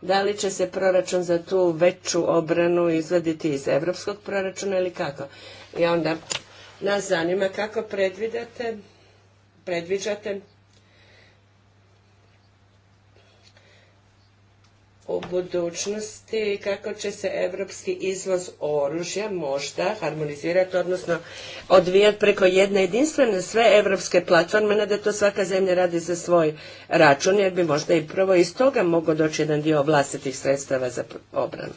da li će se proračun za tu veću obranu izvaditi iz evropskog proračuna ili kako. I onda nas zanima kako predvidate, predviđate u budućnosti kako će se europski izvoz oružja možda harmonizirati, odnosno odvijati preko jedne jedinstvene sve europske platforme, ne da to svaka zemlja radi za svoj račun, jer bi možda i prvo iz toga mogao doći jedan dio vlastitih sredstava za obranu.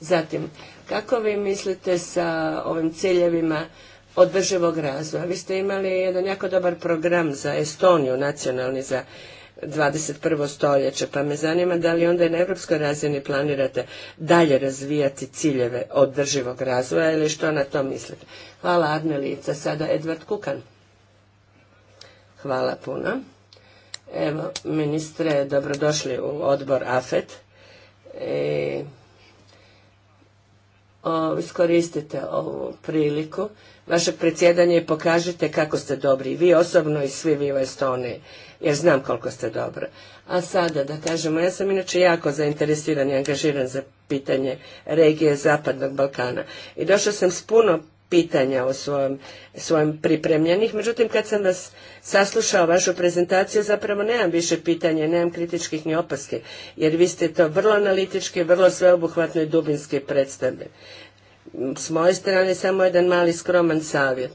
Zatim, kako vi mislite sa ovim ciljevima održivog razvoja? Vi ste imali jedan jako dobar program za Estoniju, nacionalni za 21. stoljeće, pa me zanima da li onda i na europskoj razini planirate dalje razvijati ciljeve održivog razvoja ili što na to mislite. Hvala Arnelica, sada Edvard Kukan. Hvala puno. Evo, ministre, dobrodošli u odbor AFET. E, iskoristite ovu priliku vaše predsjedanje i pokažite kako ste dobri. Vi osobno i svi vi u Estoniji. Jer znam koliko ste dobro. A sada da kažemo, ja sam inače jako zainteresiran i angažiran za pitanje regije Zapadnog Balkana. I došao sam s puno pitanja o svojom, svojim pripremljenih. Međutim, kad sam vas saslušao vašu prezentaciju, zapravo nemam više pitanja, nemam kritičkih ni opaske, jer vi ste to vrlo analitički, vrlo sveobuhvatno i dubinski predstavili. S moje strane samo jedan mali skroman savjet.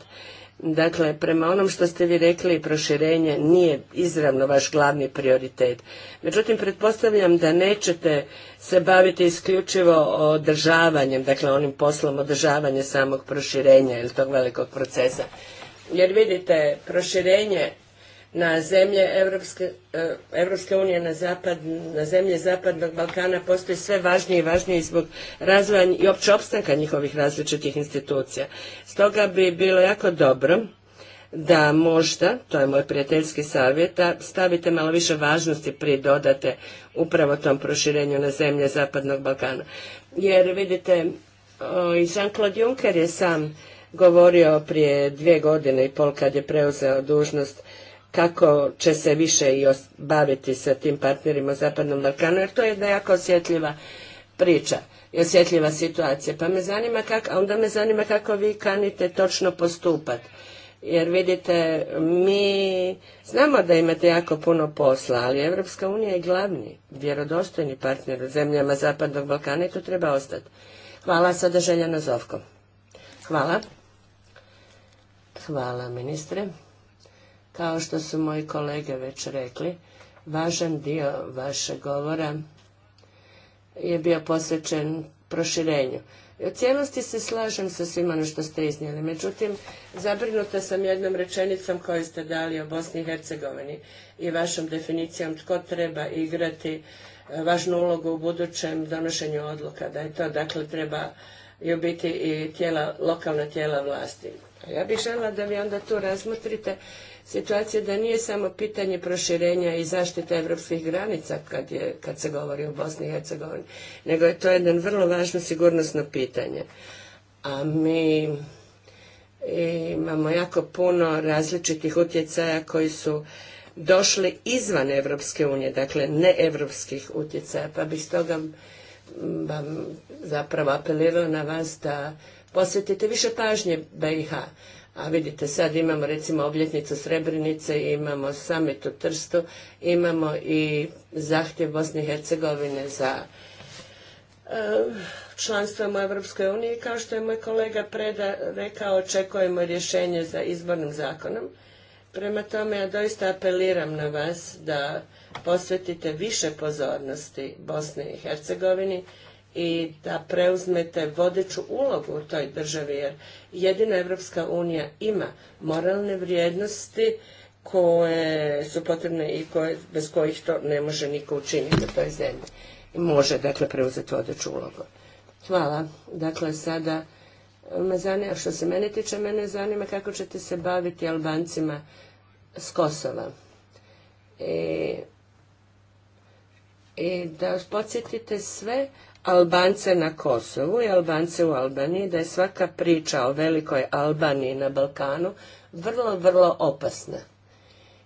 Dakle, prema onom što ste vi rekli, proširenje nije izravno vaš glavni prioritet. Međutim, pretpostavljam da nećete se baviti isključivo održavanjem, dakle onim poslom održavanja samog proširenja ili tog velikog procesa. Jer vidite, proširenje na zemlje Evropske, e, unije, na, zemlje Zapadnog Balkana postoji sve važnije i važnije zbog razvoja i opće opstanka njihovih različitih institucija. Stoga bi bilo jako dobro da možda, to je moj prijateljski savjet, stavite malo više važnosti dodate upravo tom proširenju na zemlje Zapadnog Balkana. Jer vidite, i Jean-Claude Juncker je sam govorio prije dvije godine i pol kad je preuzeo dužnost kako će se više i baviti sa tim partnerima u Zapadnom Balkanu, jer to je jedna jako osjetljiva priča i osjetljiva situacija. Pa me zanima kako, a onda me zanima kako vi kanite točno postupati. Jer vidite, mi znamo da imate jako puno posla, ali Evropska unija je glavni, vjerodostojni partner u zemljama Zapadnog Balkana i tu treba ostati. Hvala, sada Željana Zovko. Hvala. Hvala, ministre. Kao što su moji kolege već rekli, važan dio vašeg govora je bio posvećen proširenju. U cijelosti se slažem sa svima ono što ste iznijeli. Međutim, zabrinuta sam jednom rečenicom koju ste dali o Bosni i Hercegovini i vašom definicijom tko treba igrati e, važnu ulogu u budućem donošenju odluka. Da je to, dakle, treba u biti i tijela, lokalna tijela vlasti. Ja bih žela da vi onda tu razmotrite situacija da nije samo pitanje proširenja i zaštite evropskih granica kad, je, kad se govori o Bosni i Hercegovini, nego je to jedan vrlo važno sigurnosno pitanje. A mi imamo jako puno različitih utjecaja koji su došli izvan Evropske unije, dakle ne evropskih utjecaja, pa bih stoga vam zapravo apelirao na vas da posvetite više pažnje BiH. A vidite, sad imamo recimo obljetnicu Srebrenice, imamo summit u Trstu, imamo i zahtjev Bosne i Hercegovine za e, članstvom u Europskoj uniji. Kao što je moj kolega Preda rekao, očekujemo rješenje za izbornim zakonom. Prema tome, ja doista apeliram na vas da posvetite više pozornosti Bosni i Hercegovini i da preuzmete vodeću ulogu u toj državi jer jedina Evropska unija ima moralne vrijednosti koje su potrebne i koje, bez kojih to ne može niko učiniti u toj zemlji. Može, dakle, preuzeti vodeću ulogu. Hvala. Dakle, sada me zanima, što se mene tiče, mene zanima kako ćete se baviti Albancima s Kosova. I, i da podsjetite sve Albance na Kosovu i Albance u Albaniji, da je svaka priča o velikoj Albaniji na Balkanu vrlo, vrlo opasna.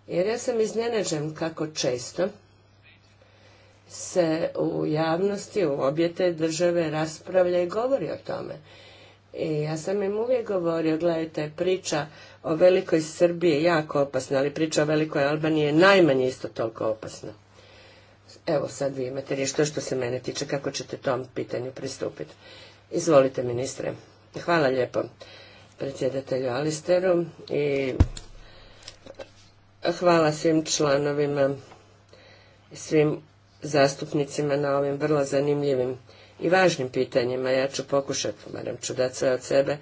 Jer ja sam iznenađen kako često se u javnosti, u obje te države raspravlja i govori o tome. I ja sam im uvijek govorio, gledajte, priča o velikoj Srbiji je jako opasna, ali priča o velikoj Albaniji je najmanje isto toliko opasna. Evo sad vi imate riječ to što se mene tiče, kako ćete tom pitanju pristupiti. Izvolite ministre. Hvala lijepo predsjedatelju Alisteru i hvala svim članovima i svim zastupnicima na ovim vrlo zanimljivim i važnim pitanjima. Ja ću pokušati, moram ću dati sve od sebe,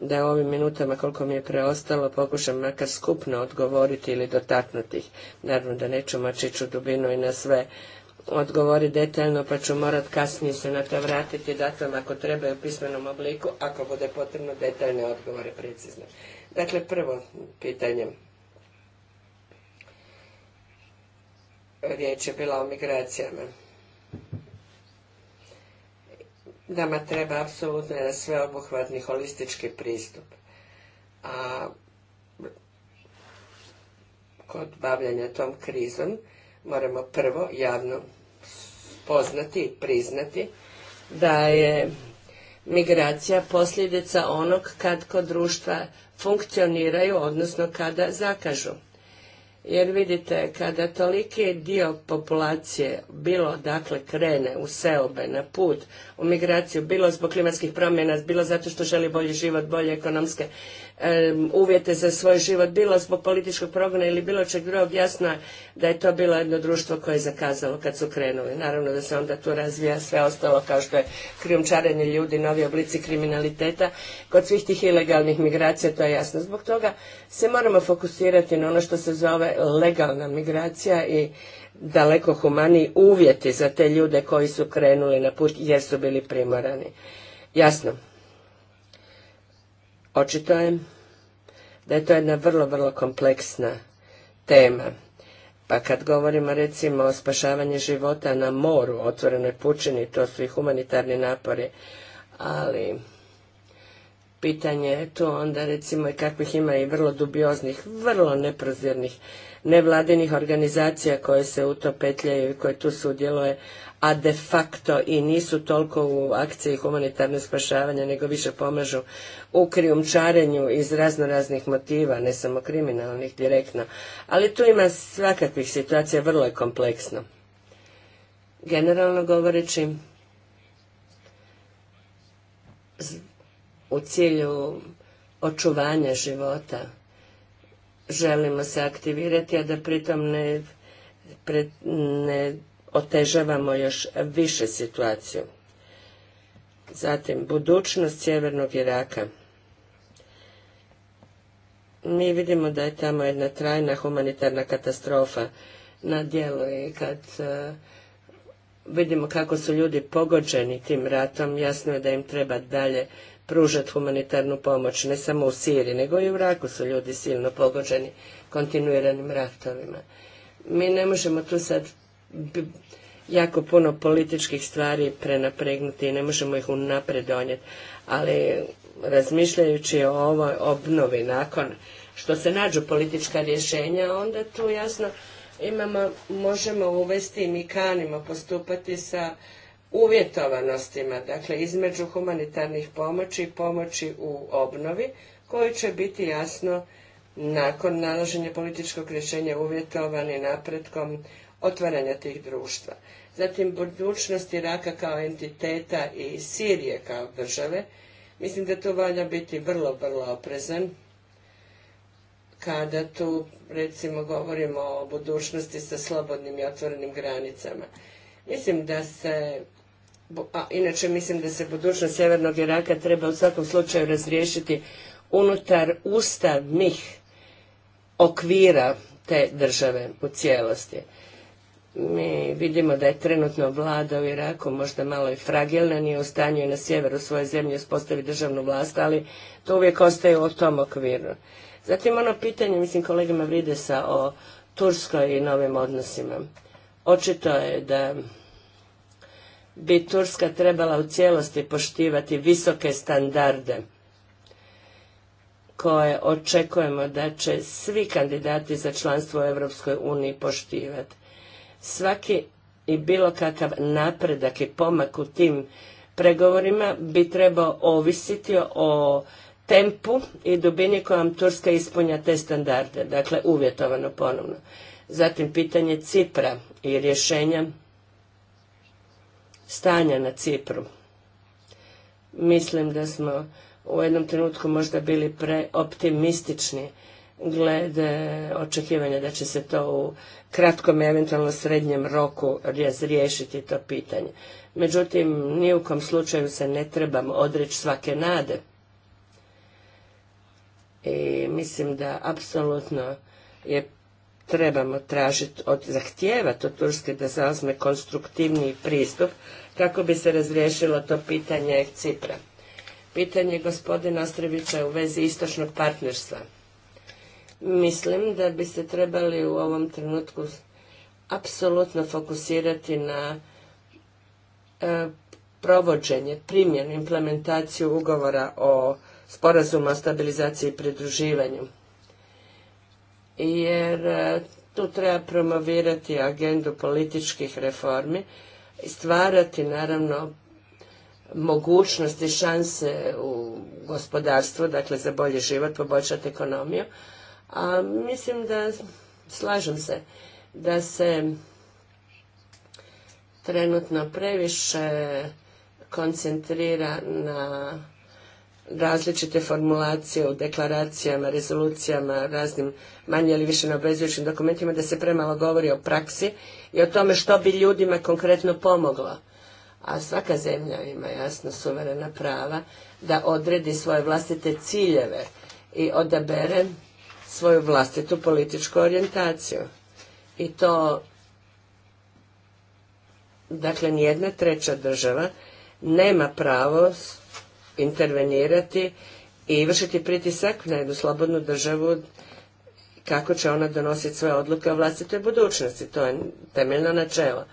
da u ovim minutama koliko mi je preostalo pokušam makar skupno odgovoriti ili dotaknuti ih. Naravno da neću moći u dubinu i na sve odgovori detaljno pa ću morat kasnije se na to vratiti dat vam ako treba u pismenom obliku ako bude potrebno detaljne odgovore precizno. Dakle prvo pitanje riječ je bila o migracijama. Nama treba apsolutno jedan sveobuhvatni holistički pristup. A kod bavljanja tom krizom moramo prvo javno poznati priznati da je migracija posljedica onog kad kod društva funkcioniraju, odnosno kada zakažu. Jer vidite, kada toliki dio populacije, bilo dakle krene u seobe, na put, u migraciju, bilo zbog klimatskih promjena, bilo zato što želi bolji život, bolje ekonomske uvjete za svoj život, bilo zbog političkog progona ili bilo čeg drugog, jasno da je to bilo jedno društvo koje je zakazalo kad su krenuli. Naravno da se onda tu razvija sve ostalo kao što je krijumčarenje ljudi, novi oblici kriminaliteta. Kod svih tih ilegalnih migracija to je jasno. Zbog toga se moramo fokusirati na ono što se zove legalna migracija i daleko humaniji uvjeti za te ljude koji su krenuli na put jer su bili primorani. Jasno, očito je da je to jedna vrlo, vrlo kompleksna tema. Pa kad govorimo recimo o spašavanju života na moru, otvorenoj pučini, to su i humanitarni napori, ali Pitanje je tu onda recimo i kakvih ima i vrlo dubioznih, vrlo neprozirnih nevladinih organizacija koje se u to petljaju i koje tu sudjeluje, a de facto i nisu toliko u akciji humanitarne spašavanja, nego više pomažu u krijumčarenju iz raznih motiva, ne samo kriminalnih direktno. Ali tu ima svakakvih situacija, vrlo je kompleksno. Generalno govoreći, u cilju očuvanja života želimo se aktivirati, a da pritom ne, pre, ne otežavamo još više situaciju. Zatim, budućnost Sjevernog Iraka. Mi vidimo da je tamo jedna trajna humanitarna katastrofa na djelu i kad e, vidimo kako su ljudi pogođeni tim ratom, jasno je da im treba dalje pružati humanitarnu pomoć, ne samo u Siriji, nego i u Iraku su ljudi silno pogođeni kontinuiranim ratovima. Mi ne možemo tu sad jako puno političkih stvari prenapregnuti i ne možemo ih unaprijed donijeti, ali razmišljajući o ovoj obnovi nakon što se nađu politička rješenja, onda tu jasno imamo, možemo uvesti i mi kanimo postupati sa uvjetovanostima, dakle između humanitarnih pomoći i pomoći u obnovi, koji će biti jasno nakon nalaženja političkog rješenja uvjetovani napretkom otvaranja tih društva. Zatim budućnost Iraka kao entiteta i Sirije kao države. Mislim da tu valja biti vrlo, vrlo oprezan kada tu recimo govorimo o budućnosti sa slobodnim i otvorenim granicama. Mislim da se a inače mislim da se budućnost Sjevernog Iraka treba u svakom slučaju razriješiti unutar ustavnih okvira te države u cijelosti. Mi vidimo da je trenutno vlada u Iraku možda malo i fragilna, nije u stanju i na sjeveru svoje zemlje uspostavi državnu vlast, ali to uvijek ostaje u tom okviru. Zatim ono pitanje, mislim kolegama Vridesa o Turskoj i novim odnosima. Očito je da bi Turska trebala u cijelosti poštivati visoke standarde koje očekujemo da će svi kandidati za članstvo u Europskoj uniji poštivati. Svaki i bilo kakav napredak i pomak u tim pregovorima bi trebao ovisiti o tempu i dubini kojom Turska ispunja te standarde, dakle uvjetovano ponovno. Zatim pitanje Cipra i rješenja stanja na Cipru. Mislim da smo u jednom trenutku možda bili preoptimistični glede očekivanja da će se to u kratkom i eventualno srednjem roku razriješiti to pitanje. Međutim, ni u slučaju se ne trebamo odreći svake nade. I mislim da apsolutno je trebamo tražiti, od, zahtijevati od Turske da zazme konstruktivniji pristup kako bi se razriješilo to pitanje Cipra. Pitanje gospodina Ostrevića u vezi istočnog partnerstva. Mislim da bi se trebali u ovom trenutku apsolutno fokusirati na e, provođenje, primjenu, implementaciju ugovora o sporazumu o stabilizaciji i pridruživanju jer e, tu treba promovirati agendu političkih reformi, i stvarati naravno mogućnosti, šanse u gospodarstvu, dakle za bolji život, poboljšati ekonomiju. A mislim da, slažem se, da se trenutno previše koncentrira na različite formulacije u deklaracijama, rezolucijama, raznim manje ili više neobvezujućim dokumentima, da se premalo govori o praksi i o tome što bi ljudima konkretno pomoglo. A svaka zemlja ima jasno suverena prava da odredi svoje vlastite ciljeve i odabere svoju vlastitu političku orijentaciju. I to, dakle, nijedna treća država nema pravo intervenirati i vršiti pritisak na jednu slobodnu državu kako će ona donositi svoje odluke o vlastitoj budućnosti. To je temeljno načelo.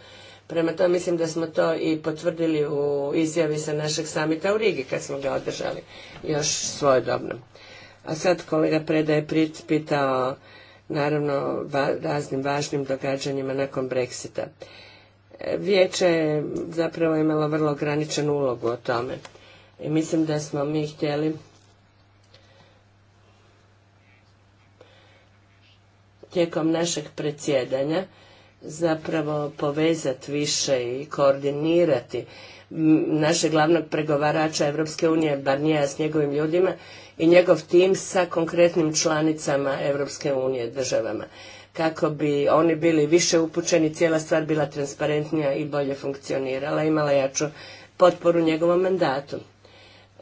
Prema tome mislim da smo to i potvrdili u izjavi sa našeg samita u Rigi kad smo ga održali još svojedobno. A sad kolega Preda je pitao naravno raznim važnim događanjima nakon Brexita. E, vijeće je zapravo imalo vrlo ograničenu ulogu o tome. I mislim da smo mi htjeli tijekom našeg predsjedanja zapravo povezati više i koordinirati našeg glavnog pregovarača Europske unije, ja s njegovim ljudima i njegov tim sa konkretnim članicama Europske unije, državama, kako bi oni bili više upućeni, cijela stvar bila transparentnija i bolje funkcionirala, imala jaču potporu njegovom mandatu.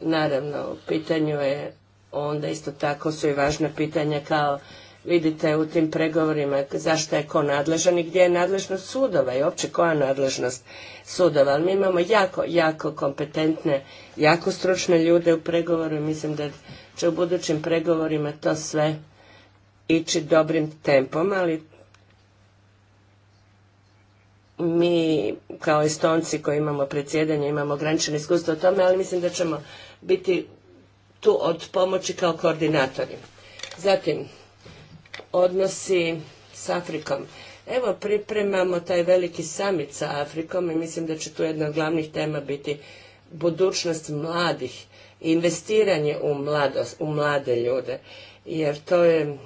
Naravno, u pitanju je onda isto tako su i važna pitanja kao vidite u tim pregovorima zašto je ko nadležan i gdje je nadležnost sudova i opće koja je nadležnost sudova. Ali mi imamo jako, jako kompetentne, jako stručne ljude u pregovoru i mislim da će u budućim pregovorima to sve ići dobrim tempom, ali mi kao Estonci koji imamo predsjedanje imamo ograničeno iskustvo o tome, ali mislim da ćemo biti tu od pomoći kao koordinatori. Zatim, odnosi s Afrikom. Evo, pripremamo taj veliki summit sa Afrikom i mislim da će tu jedna od glavnih tema biti budućnost mladih, investiranje u, mladost, u mlade ljude, jer to je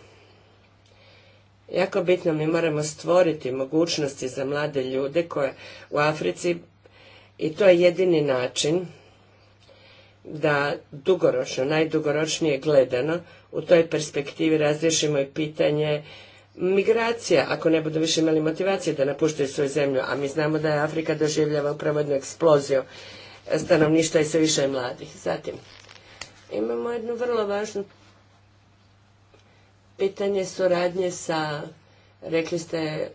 jako bitno. Mi moramo stvoriti mogućnosti za mlade ljude koje u Africi i to je jedini način da dugoročno, najdugoročnije gledano, u toj perspektivi razriješimo i pitanje migracija, ako ne budu više imali motivacije da napuštaju svoju zemlju, a mi znamo da je Afrika doživljava upravo jednu eksploziju stanovništva i sve više mladih. Zatim, imamo jednu vrlo važnu pitanje suradnje sa, rekli ste,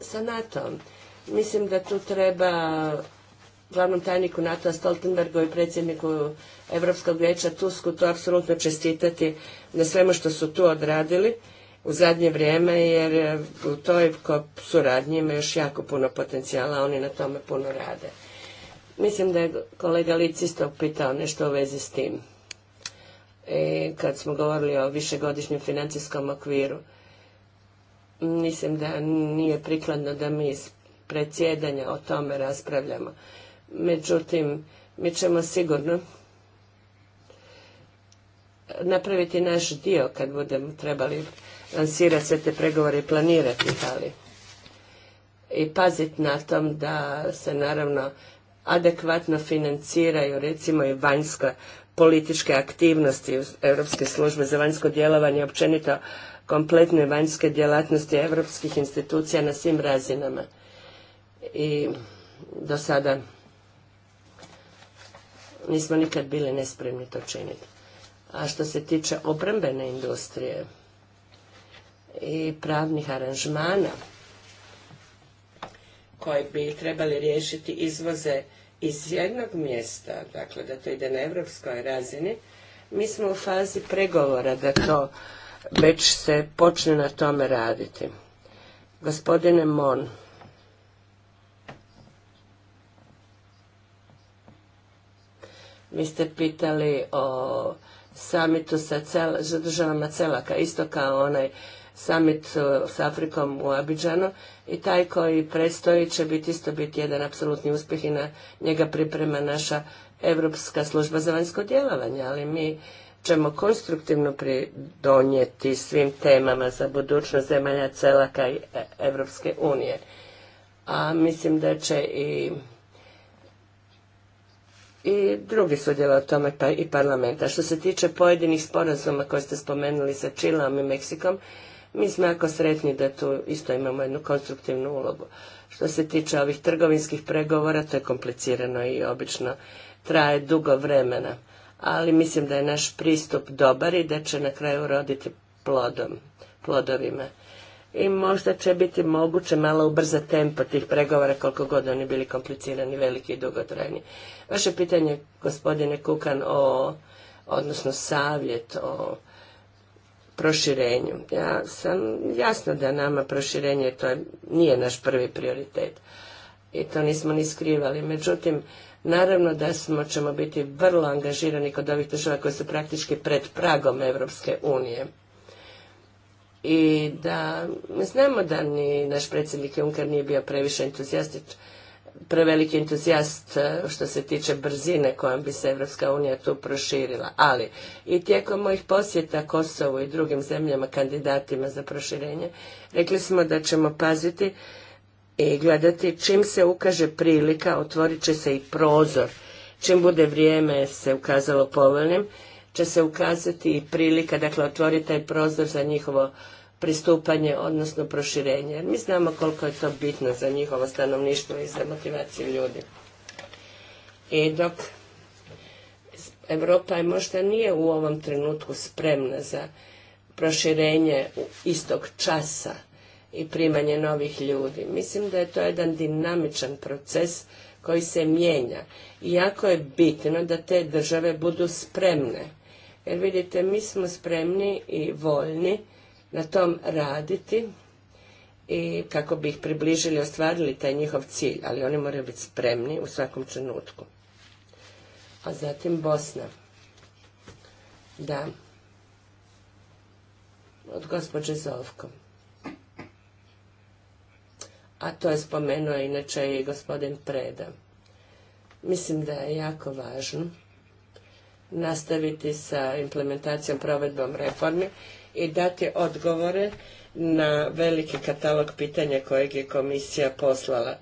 sa NATO-om. Mislim da tu treba glavnom tajniku nato Stoltenbergu i predsjedniku Europskog vijeća Tusku to apsolutno čestitati na svemu što su tu odradili u zadnje vrijeme, jer e, u toj suradnji ima još jako puno potencijala, oni na tome puno rade. Mislim da je kolega Lic isto pitao nešto u vezi s tim. i e, kad smo govorili o višegodišnjem financijskom okviru, mislim da nije prikladno da mi iz predsjedanja o tome raspravljamo. Međutim, mi ćemo sigurno napraviti naš dio kad budemo trebali lansirati sve te pregovore i planirati ih, ali i paziti na tom da se naravno adekvatno financiraju recimo i vanjska političke aktivnosti Europske službe za vanjsko djelovanje, općenito kompletne vanjske djelatnosti europskih institucija na svim razinama. I do sada nismo nikad bili nespremni to činiti. A što se tiče obrambene industrije i pravnih aranžmana koji bi trebali riješiti izvoze iz jednog mjesta, dakle da to ide na evropskoj razini, mi smo u fazi pregovora da to već se počne na tome raditi. Gospodine Mon, Vi ste pitali o samitu sa državama Celaka, isto kao onaj summit uh, s Afrikom u Abidžanu i taj koji predstoji će biti isto biti jedan apsolutni uspjeh i na njega priprema naša Europska služba za vanjsko djelovanje, ali mi ćemo konstruktivno pridonijeti svim temama za budućnost zemalja Celaka i e- Evropske unije. A mislim da će i i drugi sudjela u tome, pa i parlamenta. Što se tiče pojedinih sporazuma koje ste spomenuli sa Čilom i Meksikom, mi smo jako sretni da tu isto imamo jednu konstruktivnu ulogu. Što se tiče ovih trgovinskih pregovora, to je komplicirano i obično traje dugo vremena, ali mislim da je naš pristup dobar i da će na kraju roditi plodom, plodovima i možda će biti moguće malo ubrza tempo tih pregovora koliko god oni bili komplicirani, veliki i dugotrajni. Vaše pitanje, gospodine Kukan, o, odnosno savjet o proširenju. Ja sam jasno da nama proširenje to nije naš prvi prioritet i to nismo ni skrivali. Međutim, naravno da smo, ćemo biti vrlo angažirani kod ovih država koje su praktički pred pragom Evropske unije i da znamo da ni naš predsjednik Juncker nije bio previše entuzijastič, preveliki entuzijast e, što se tiče brzine kojom bi se Evropska unija tu proširila, ali i tijekom mojih posjeta Kosovu i drugim zemljama kandidatima za proširenje, rekli smo da ćemo paziti i gledati čim se ukaže prilika, otvorit će se i prozor, čim bude vrijeme se ukazalo povoljnim, će se ukazati i prilika, dakle otvoriti taj prozor za njihovo pristupanje, odnosno proširenje. Jer mi znamo koliko je to bitno za njihovo stanovništvo i za motivaciju ljudi. I dok Europa je možda nije u ovom trenutku spremna za proširenje istog časa i primanje novih ljudi. Mislim da je to jedan dinamičan proces koji se mijenja i jako je bitno da te države budu spremne jer vidite, mi smo spremni i voljni na tom raditi i kako bi ih približili, ostvarili taj njihov cilj, ali oni moraju biti spremni u svakom trenutku. A zatim Bosna. Da. Od gospođe Zovko. A to je spomenuo inače i gospodin Preda. Mislim da je jako važno nastaviti sa implementacijom, provedbom reformi i dati odgovore na veliki katalog pitanja kojeg je komisija poslala.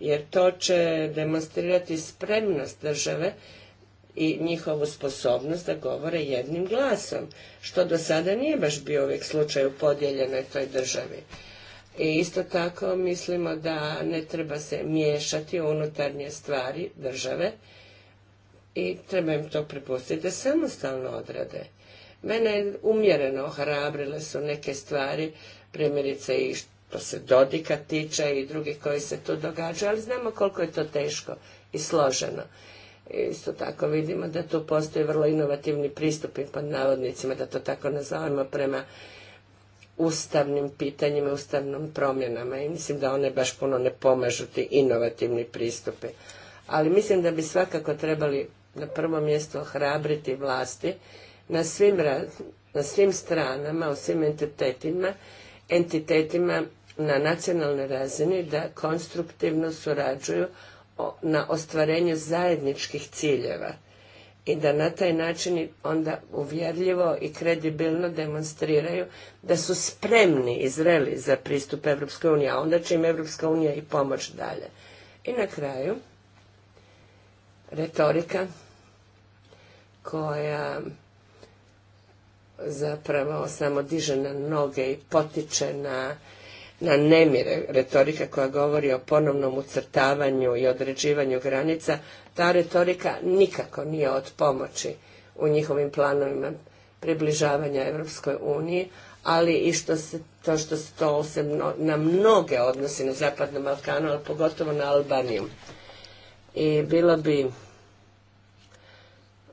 Jer to će demonstrirati spremnost države i njihovu sposobnost da govore jednim glasom, što do sada nije baš bio uvijek slučaj u podijeljenoj toj državi. I isto tako mislimo da ne treba se miješati u unutarnje stvari države, i treba im to prepustiti da samostalno odrade. Mene umjereno ohrabrile su neke stvari, primjerice i što se Dodika tiče i drugih koji se tu događaju, ali znamo koliko je to teško i složeno. Isto tako vidimo da tu postoje vrlo inovativni pristupi pod navodnicima, da to tako nazovemo, prema ustavnim pitanjima, ustavnim promjenama i mislim da one baš puno ne pomažu ti inovativni pristupi. Ali mislim da bi svakako trebali na prvo mjesto hrabriti vlasti na svim, stranama, u svim entitetima, entitetima na nacionalnoj razini da konstruktivno surađuju na ostvarenju zajedničkih ciljeva i da na taj način onda uvjerljivo i kredibilno demonstriraju da su spremni i zreli za pristup Evropskoj Unije a onda će im Evropska unija i pomoć dalje. I na kraju, retorika koja zapravo samo diže na noge i potiče na, na nemire retorika koja govori o ponovnom ucrtavanju i određivanju granica, ta retorika nikako nije od pomoći u njihovim planovima približavanja Europskoj uniji, ali i što se, to što se to na mnoge odnosi na Zapadnom Balkanu, ali pogotovo na Albaniju. I bilo bi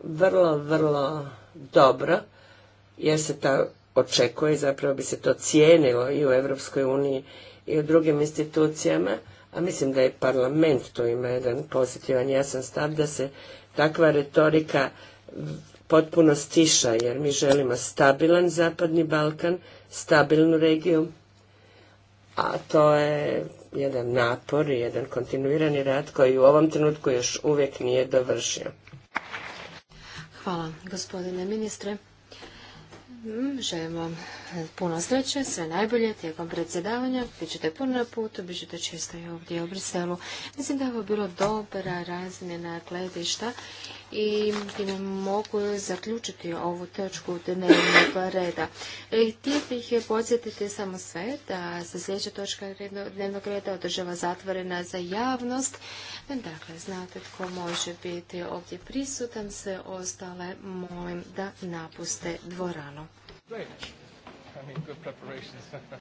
vrlo, vrlo dobro, jer se ta očekuje, zapravo bi se to cijenilo i u Europskoj uniji i u drugim institucijama, a mislim da je parlament tu ima jedan pozitivan jasan stav da se takva retorika potpuno stiša, jer mi želimo stabilan Zapadni Balkan, stabilnu regiju, a to je jedan napor i jedan kontinuirani rad koji u ovom trenutku još uvijek nije dovršio. Hvala, gospodine ministre. Mm, želim vam puno sreće, sve najbolje tijekom predsjedavanja. Bit ćete puno na putu, bit ćete često i ovdje u Briselu. Mislim da je ovo bilo dobra razmjena gledišta i mogu zaključiti ovu točku dnevnog reda. E, htio bih podsjetiti samo sve da se sljedeća točka dnevnog reda održava zatvorena za javnost. Dakle, znate tko može biti ovdje prisutan, sve ostale molim da napuste dvoranu.